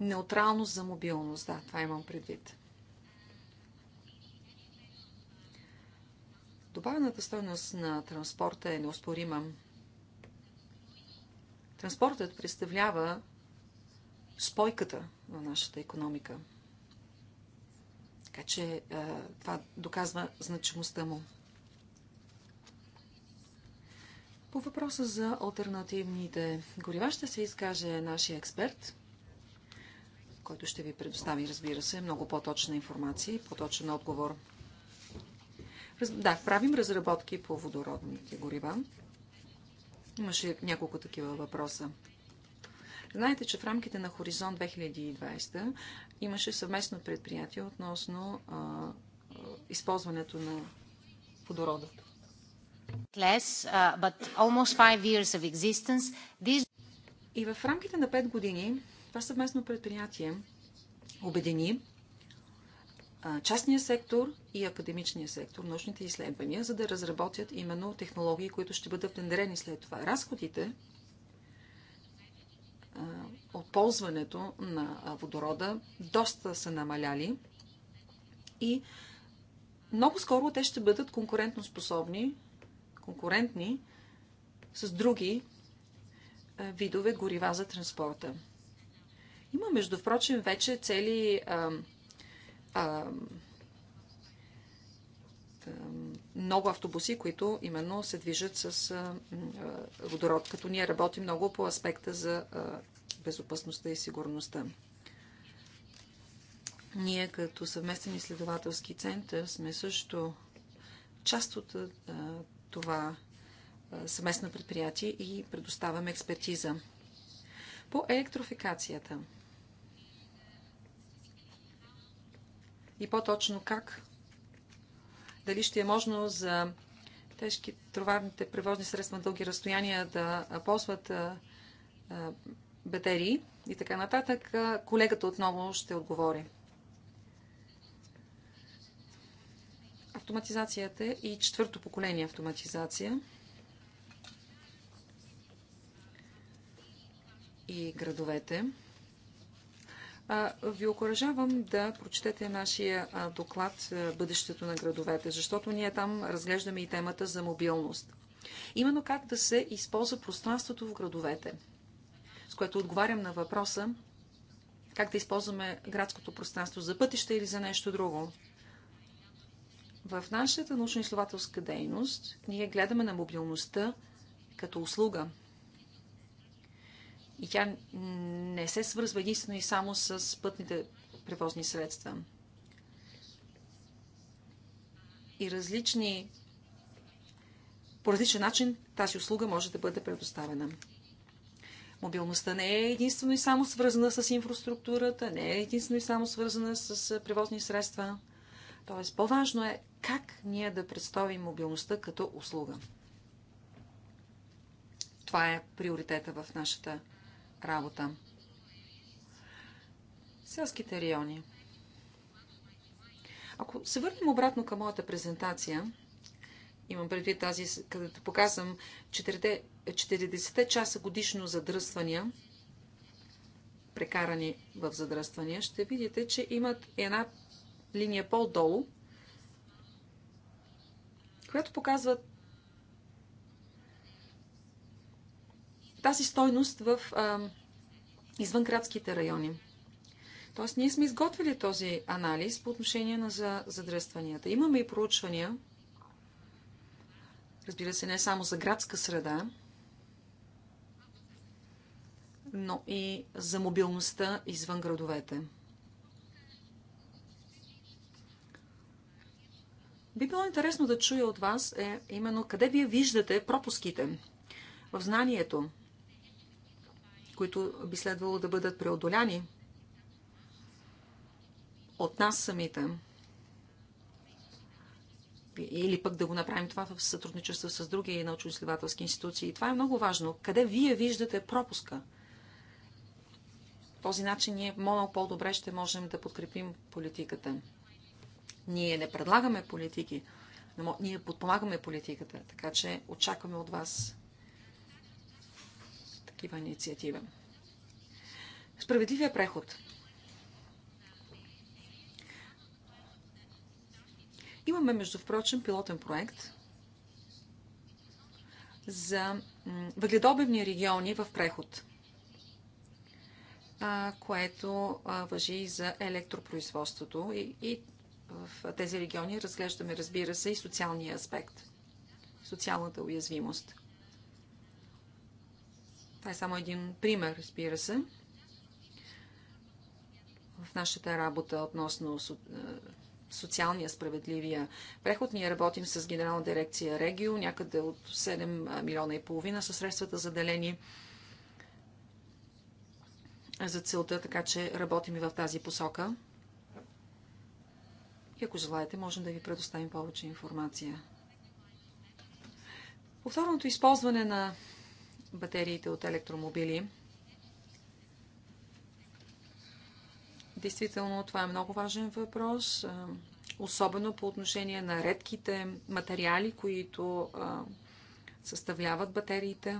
неутралност за мобилност. Да, това имам предвид. Добавената стойност на транспорта е неоспорима. Транспортът представлява спойката на нашата економика. Така че това доказва значимостта му. По въпроса за альтернативните горива ще се изкаже нашия експерт който ще ви предостави, разбира се, много по-точна информация и по-точен отговор. Раз... Да, правим разработки по водородните горива. Имаше няколко такива въпроса. Знаете, че в рамките на Хоризонт 2020 имаше съвместно предприятие относно а, а, използването на водорода. И в рамките на 5 години това съвместно предприятие обедини частния сектор и академичния сектор, научните изследвания, за да разработят именно технологии, които ще бъдат внедрени след това. Разходите от ползването на водорода доста са намаляли и много скоро те ще бъдат конкурентно способни, конкурентни с други видове горива за транспорта. Има, между прочим, вече цели а, а, много автобуси, които именно се движат с водород, като ние работим много по аспекта за безопасността и сигурността. Ние като съвместен изследователски център сме също част от това съвместно предприятие и предоставяме експертиза. По електрофикацията – и по-точно как. Дали ще е можно за тежки товарните превозни средства на дълги разстояния да ползват батерии и така нататък. Колегата отново ще отговори. Автоматизацията е и четвърто поколение автоматизация. И градовете ви окоръжавам да прочетете нашия доклад Бъдещето на градовете, защото ние там разглеждаме и темата за мобилност. Именно как да се използва пространството в градовете, с което отговарям на въпроса как да използваме градското пространство за пътища или за нещо друго. В нашата научно-изследователска дейност ние гледаме на мобилността като услуга – и тя не се свързва единствено и само с пътните превозни средства. И различни по различен начин тази услуга може да бъде предоставена. Мобилността не е единствено и само свързана с инфраструктурата, не е единствено и само свързана с превозни средства. Тоест, по-важно е как ние да представим мобилността като услуга. Това е приоритета в нашата работа. Селските райони. Ако се върнем обратно към моята презентация, имам предвид тази, където показвам 40-те часа годишно задръствания, прекарани в задръствания, ще видите, че имат една линия по-долу, която показва тази стойност в а, извънградските райони. Тоест, ние сме изготвили този анализ по отношение на за, задръстванията. Имаме и проучвания, разбира се, не само за градска среда, но и за мобилността извън градовете. Би било интересно да чуя от вас е именно къде вие виждате пропуските в знанието които би следвало да бъдат преодоляни от нас самите. Или пък да го направим това в сътрудничество с други научно-изследователски институции. И това е много важно. Къде вие виждате пропуска? този начин ние много по-добре ще можем да подкрепим политиката. Ние не предлагаме политики, но ние подпомагаме политиката, така че очакваме от вас такива инициатива. Справедливия преход. Имаме, между впрочем, пилотен проект за въгледобивни региони в преход, което въжи и за електропроизводството. И, и в тези региони разглеждаме, разбира се, и социалния аспект, социалната уязвимост. Това е само един пример, разбира се, в нашата работа относно е, социалния справедливия преход. Ние работим с Генерална дирекция Регио, някъде от 7 е, милиона и половина са средствата заделени за целта, така че работим и в тази посока. И ако желаете, можем да ви предоставим повече информация. Повторното използване на батериите от електромобили. Действително, това е много важен въпрос, особено по отношение на редките материали, които съставляват батериите.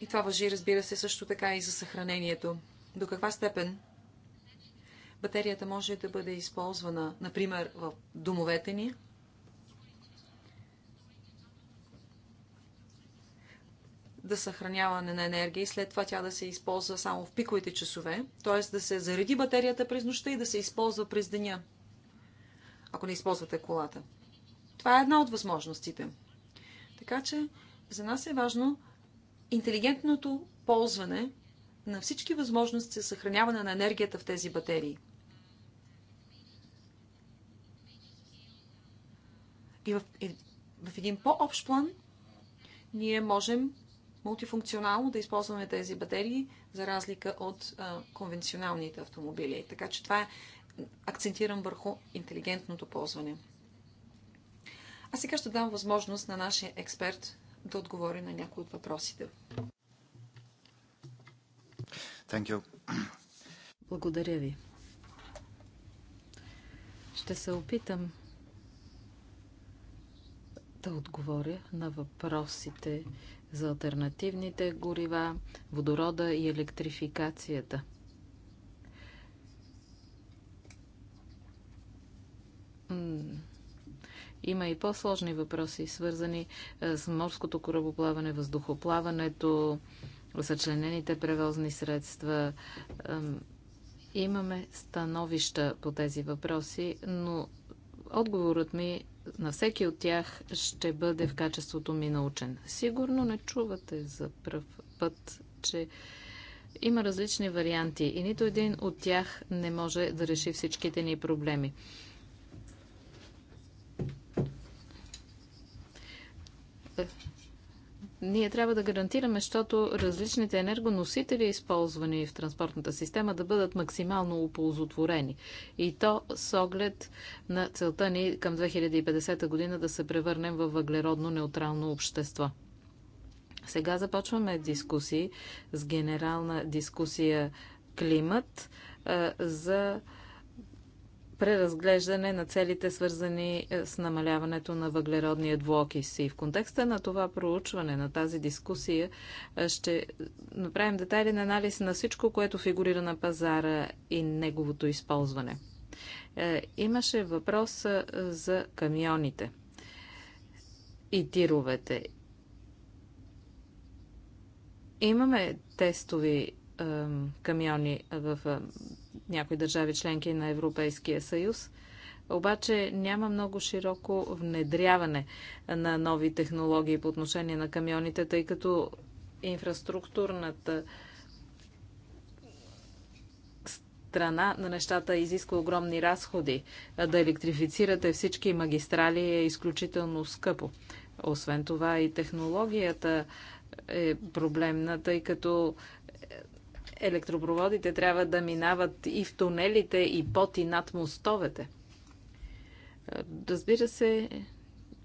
И това въжи, разбира се, също така и за съхранението. До каква степен Батерията може да бъде използвана, например, в домовете ни. Да съхраняване на енергия и след това тя да се използва само в пиковите часове, т.е. да се зареди батерията през нощта и да се използва през деня, ако не използвате колата. Това е една от възможностите. Така че за нас е важно интелигентното ползване на всички възможности за съхраняване на енергията в тези батерии. И в, и в един по-общ план ние можем мултифункционално да използваме тези батерии, за разлика от а, конвенционалните автомобили. Така че това е акцентирам върху интелигентното ползване. А сега ще дам възможност на нашия експерт да отговори на някои от въпросите. Thank you. Благодаря ви. Ще се опитам да отговоря на въпросите за альтернативните горива, водорода и електрификацията. Има и по-сложни въпроси, свързани с морското корабоплаване, въздухоплаването, съчленените превозни средства. Имаме становища по тези въпроси, но отговорът ми на всеки от тях ще бъде в качеството ми научен. Сигурно не чувате за пръв път, че има различни варианти и нито един от тях не може да реши всичките ни проблеми. Ние трябва да гарантираме, защото различните енергоносители, използвани в транспортната система, да бъдат максимално оползотворени. И то с оглед на целта ни към 2050 година да се превърнем във въглеродно неутрално общество. Сега започваме дискусии с генерална дискусия климат за преразглеждане на целите, свързани е, с намаляването на въглеродния двуокис. И в контекста на това проучване, на тази дискусия, е, ще направим детайлен анализ на всичко, което фигурира на пазара и неговото използване. Е, имаше въпрос за камионите и тировете. Имаме тестови камиони в някои държави членки на Европейския съюз. Обаче няма много широко внедряване на нови технологии по отношение на камионите, тъй като инфраструктурната страна на нещата изисква огромни разходи. Да електрифицирате всички магистрали е изключително скъпо. Освен това и технологията е проблемна, тъй като електропроводите трябва да минават и в тунелите, и под и над мостовете. Разбира се,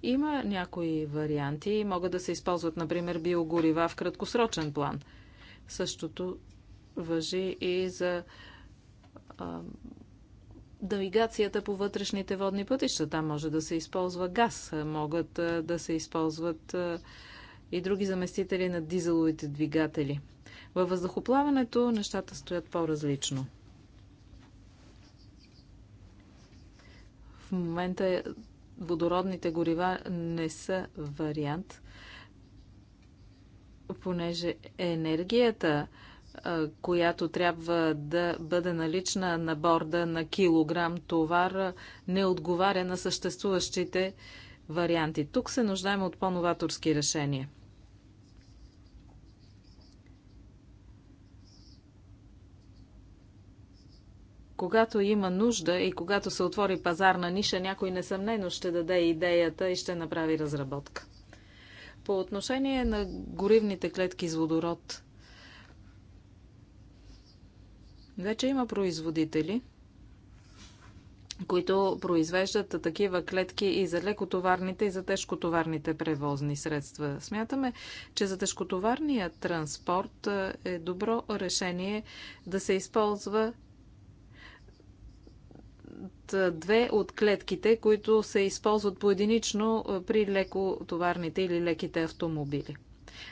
има някои варианти. Могат да се използват, например, биогорива в краткосрочен план. Същото въжи и за давигацията навигацията по вътрешните водни пътища. Там може да се използва газ, могат да се използват и други заместители на дизеловите двигатели – във въздухоплаването нещата стоят по-различно. В момента водородните горива не са вариант, понеже енергията, която трябва да бъде налична на борда на килограм товар, не отговаря на съществуващите варианти. Тук се нуждаем от по-новаторски решения. когато има нужда и когато се отвори пазарна ниша, някой несъмнено ще даде идеята и ще направи разработка. По отношение на горивните клетки с водород, вече има производители, които произвеждат такива клетки и за лекотоварните, и за тежкотоварните превозни средства. Смятаме, че за тежкотоварния транспорт е добро решение да се използва две от клетките, които се използват поединично при лекотоварните или леките автомобили.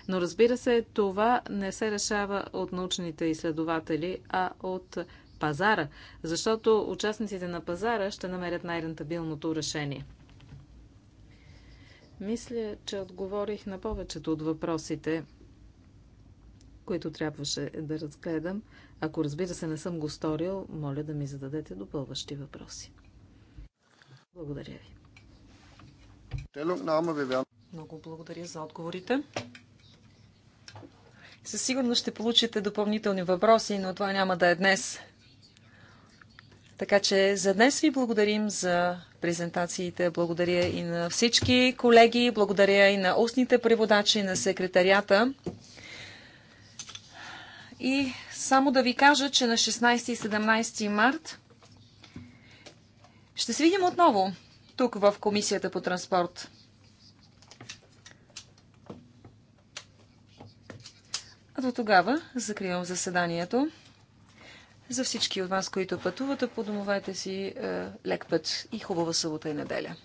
Но разбира се, това не се решава от научните изследователи, а от пазара, защото участниците на пазара ще намерят най-рентабилното решение. Мисля, че отговорих на повечето от въпросите, които трябваше да разгледам. Ако разбира се не съм го сторил, моля да ми зададете допълващи въпроси. Благодаря ви. Много благодаря за отговорите. Със сигурност ще получите допълнителни въпроси, но това няма да е днес. Така че за днес ви благодарим за презентациите. Благодаря и на всички колеги, благодаря и на устните преводачи, на секретарията. И само да ви кажа, че на 16 и 17 март ще се видим отново тук в Комисията по транспорт. А до тогава закривам заседанието. За всички от вас, които пътувате по домовете си, е, лек път и хубава събота и неделя.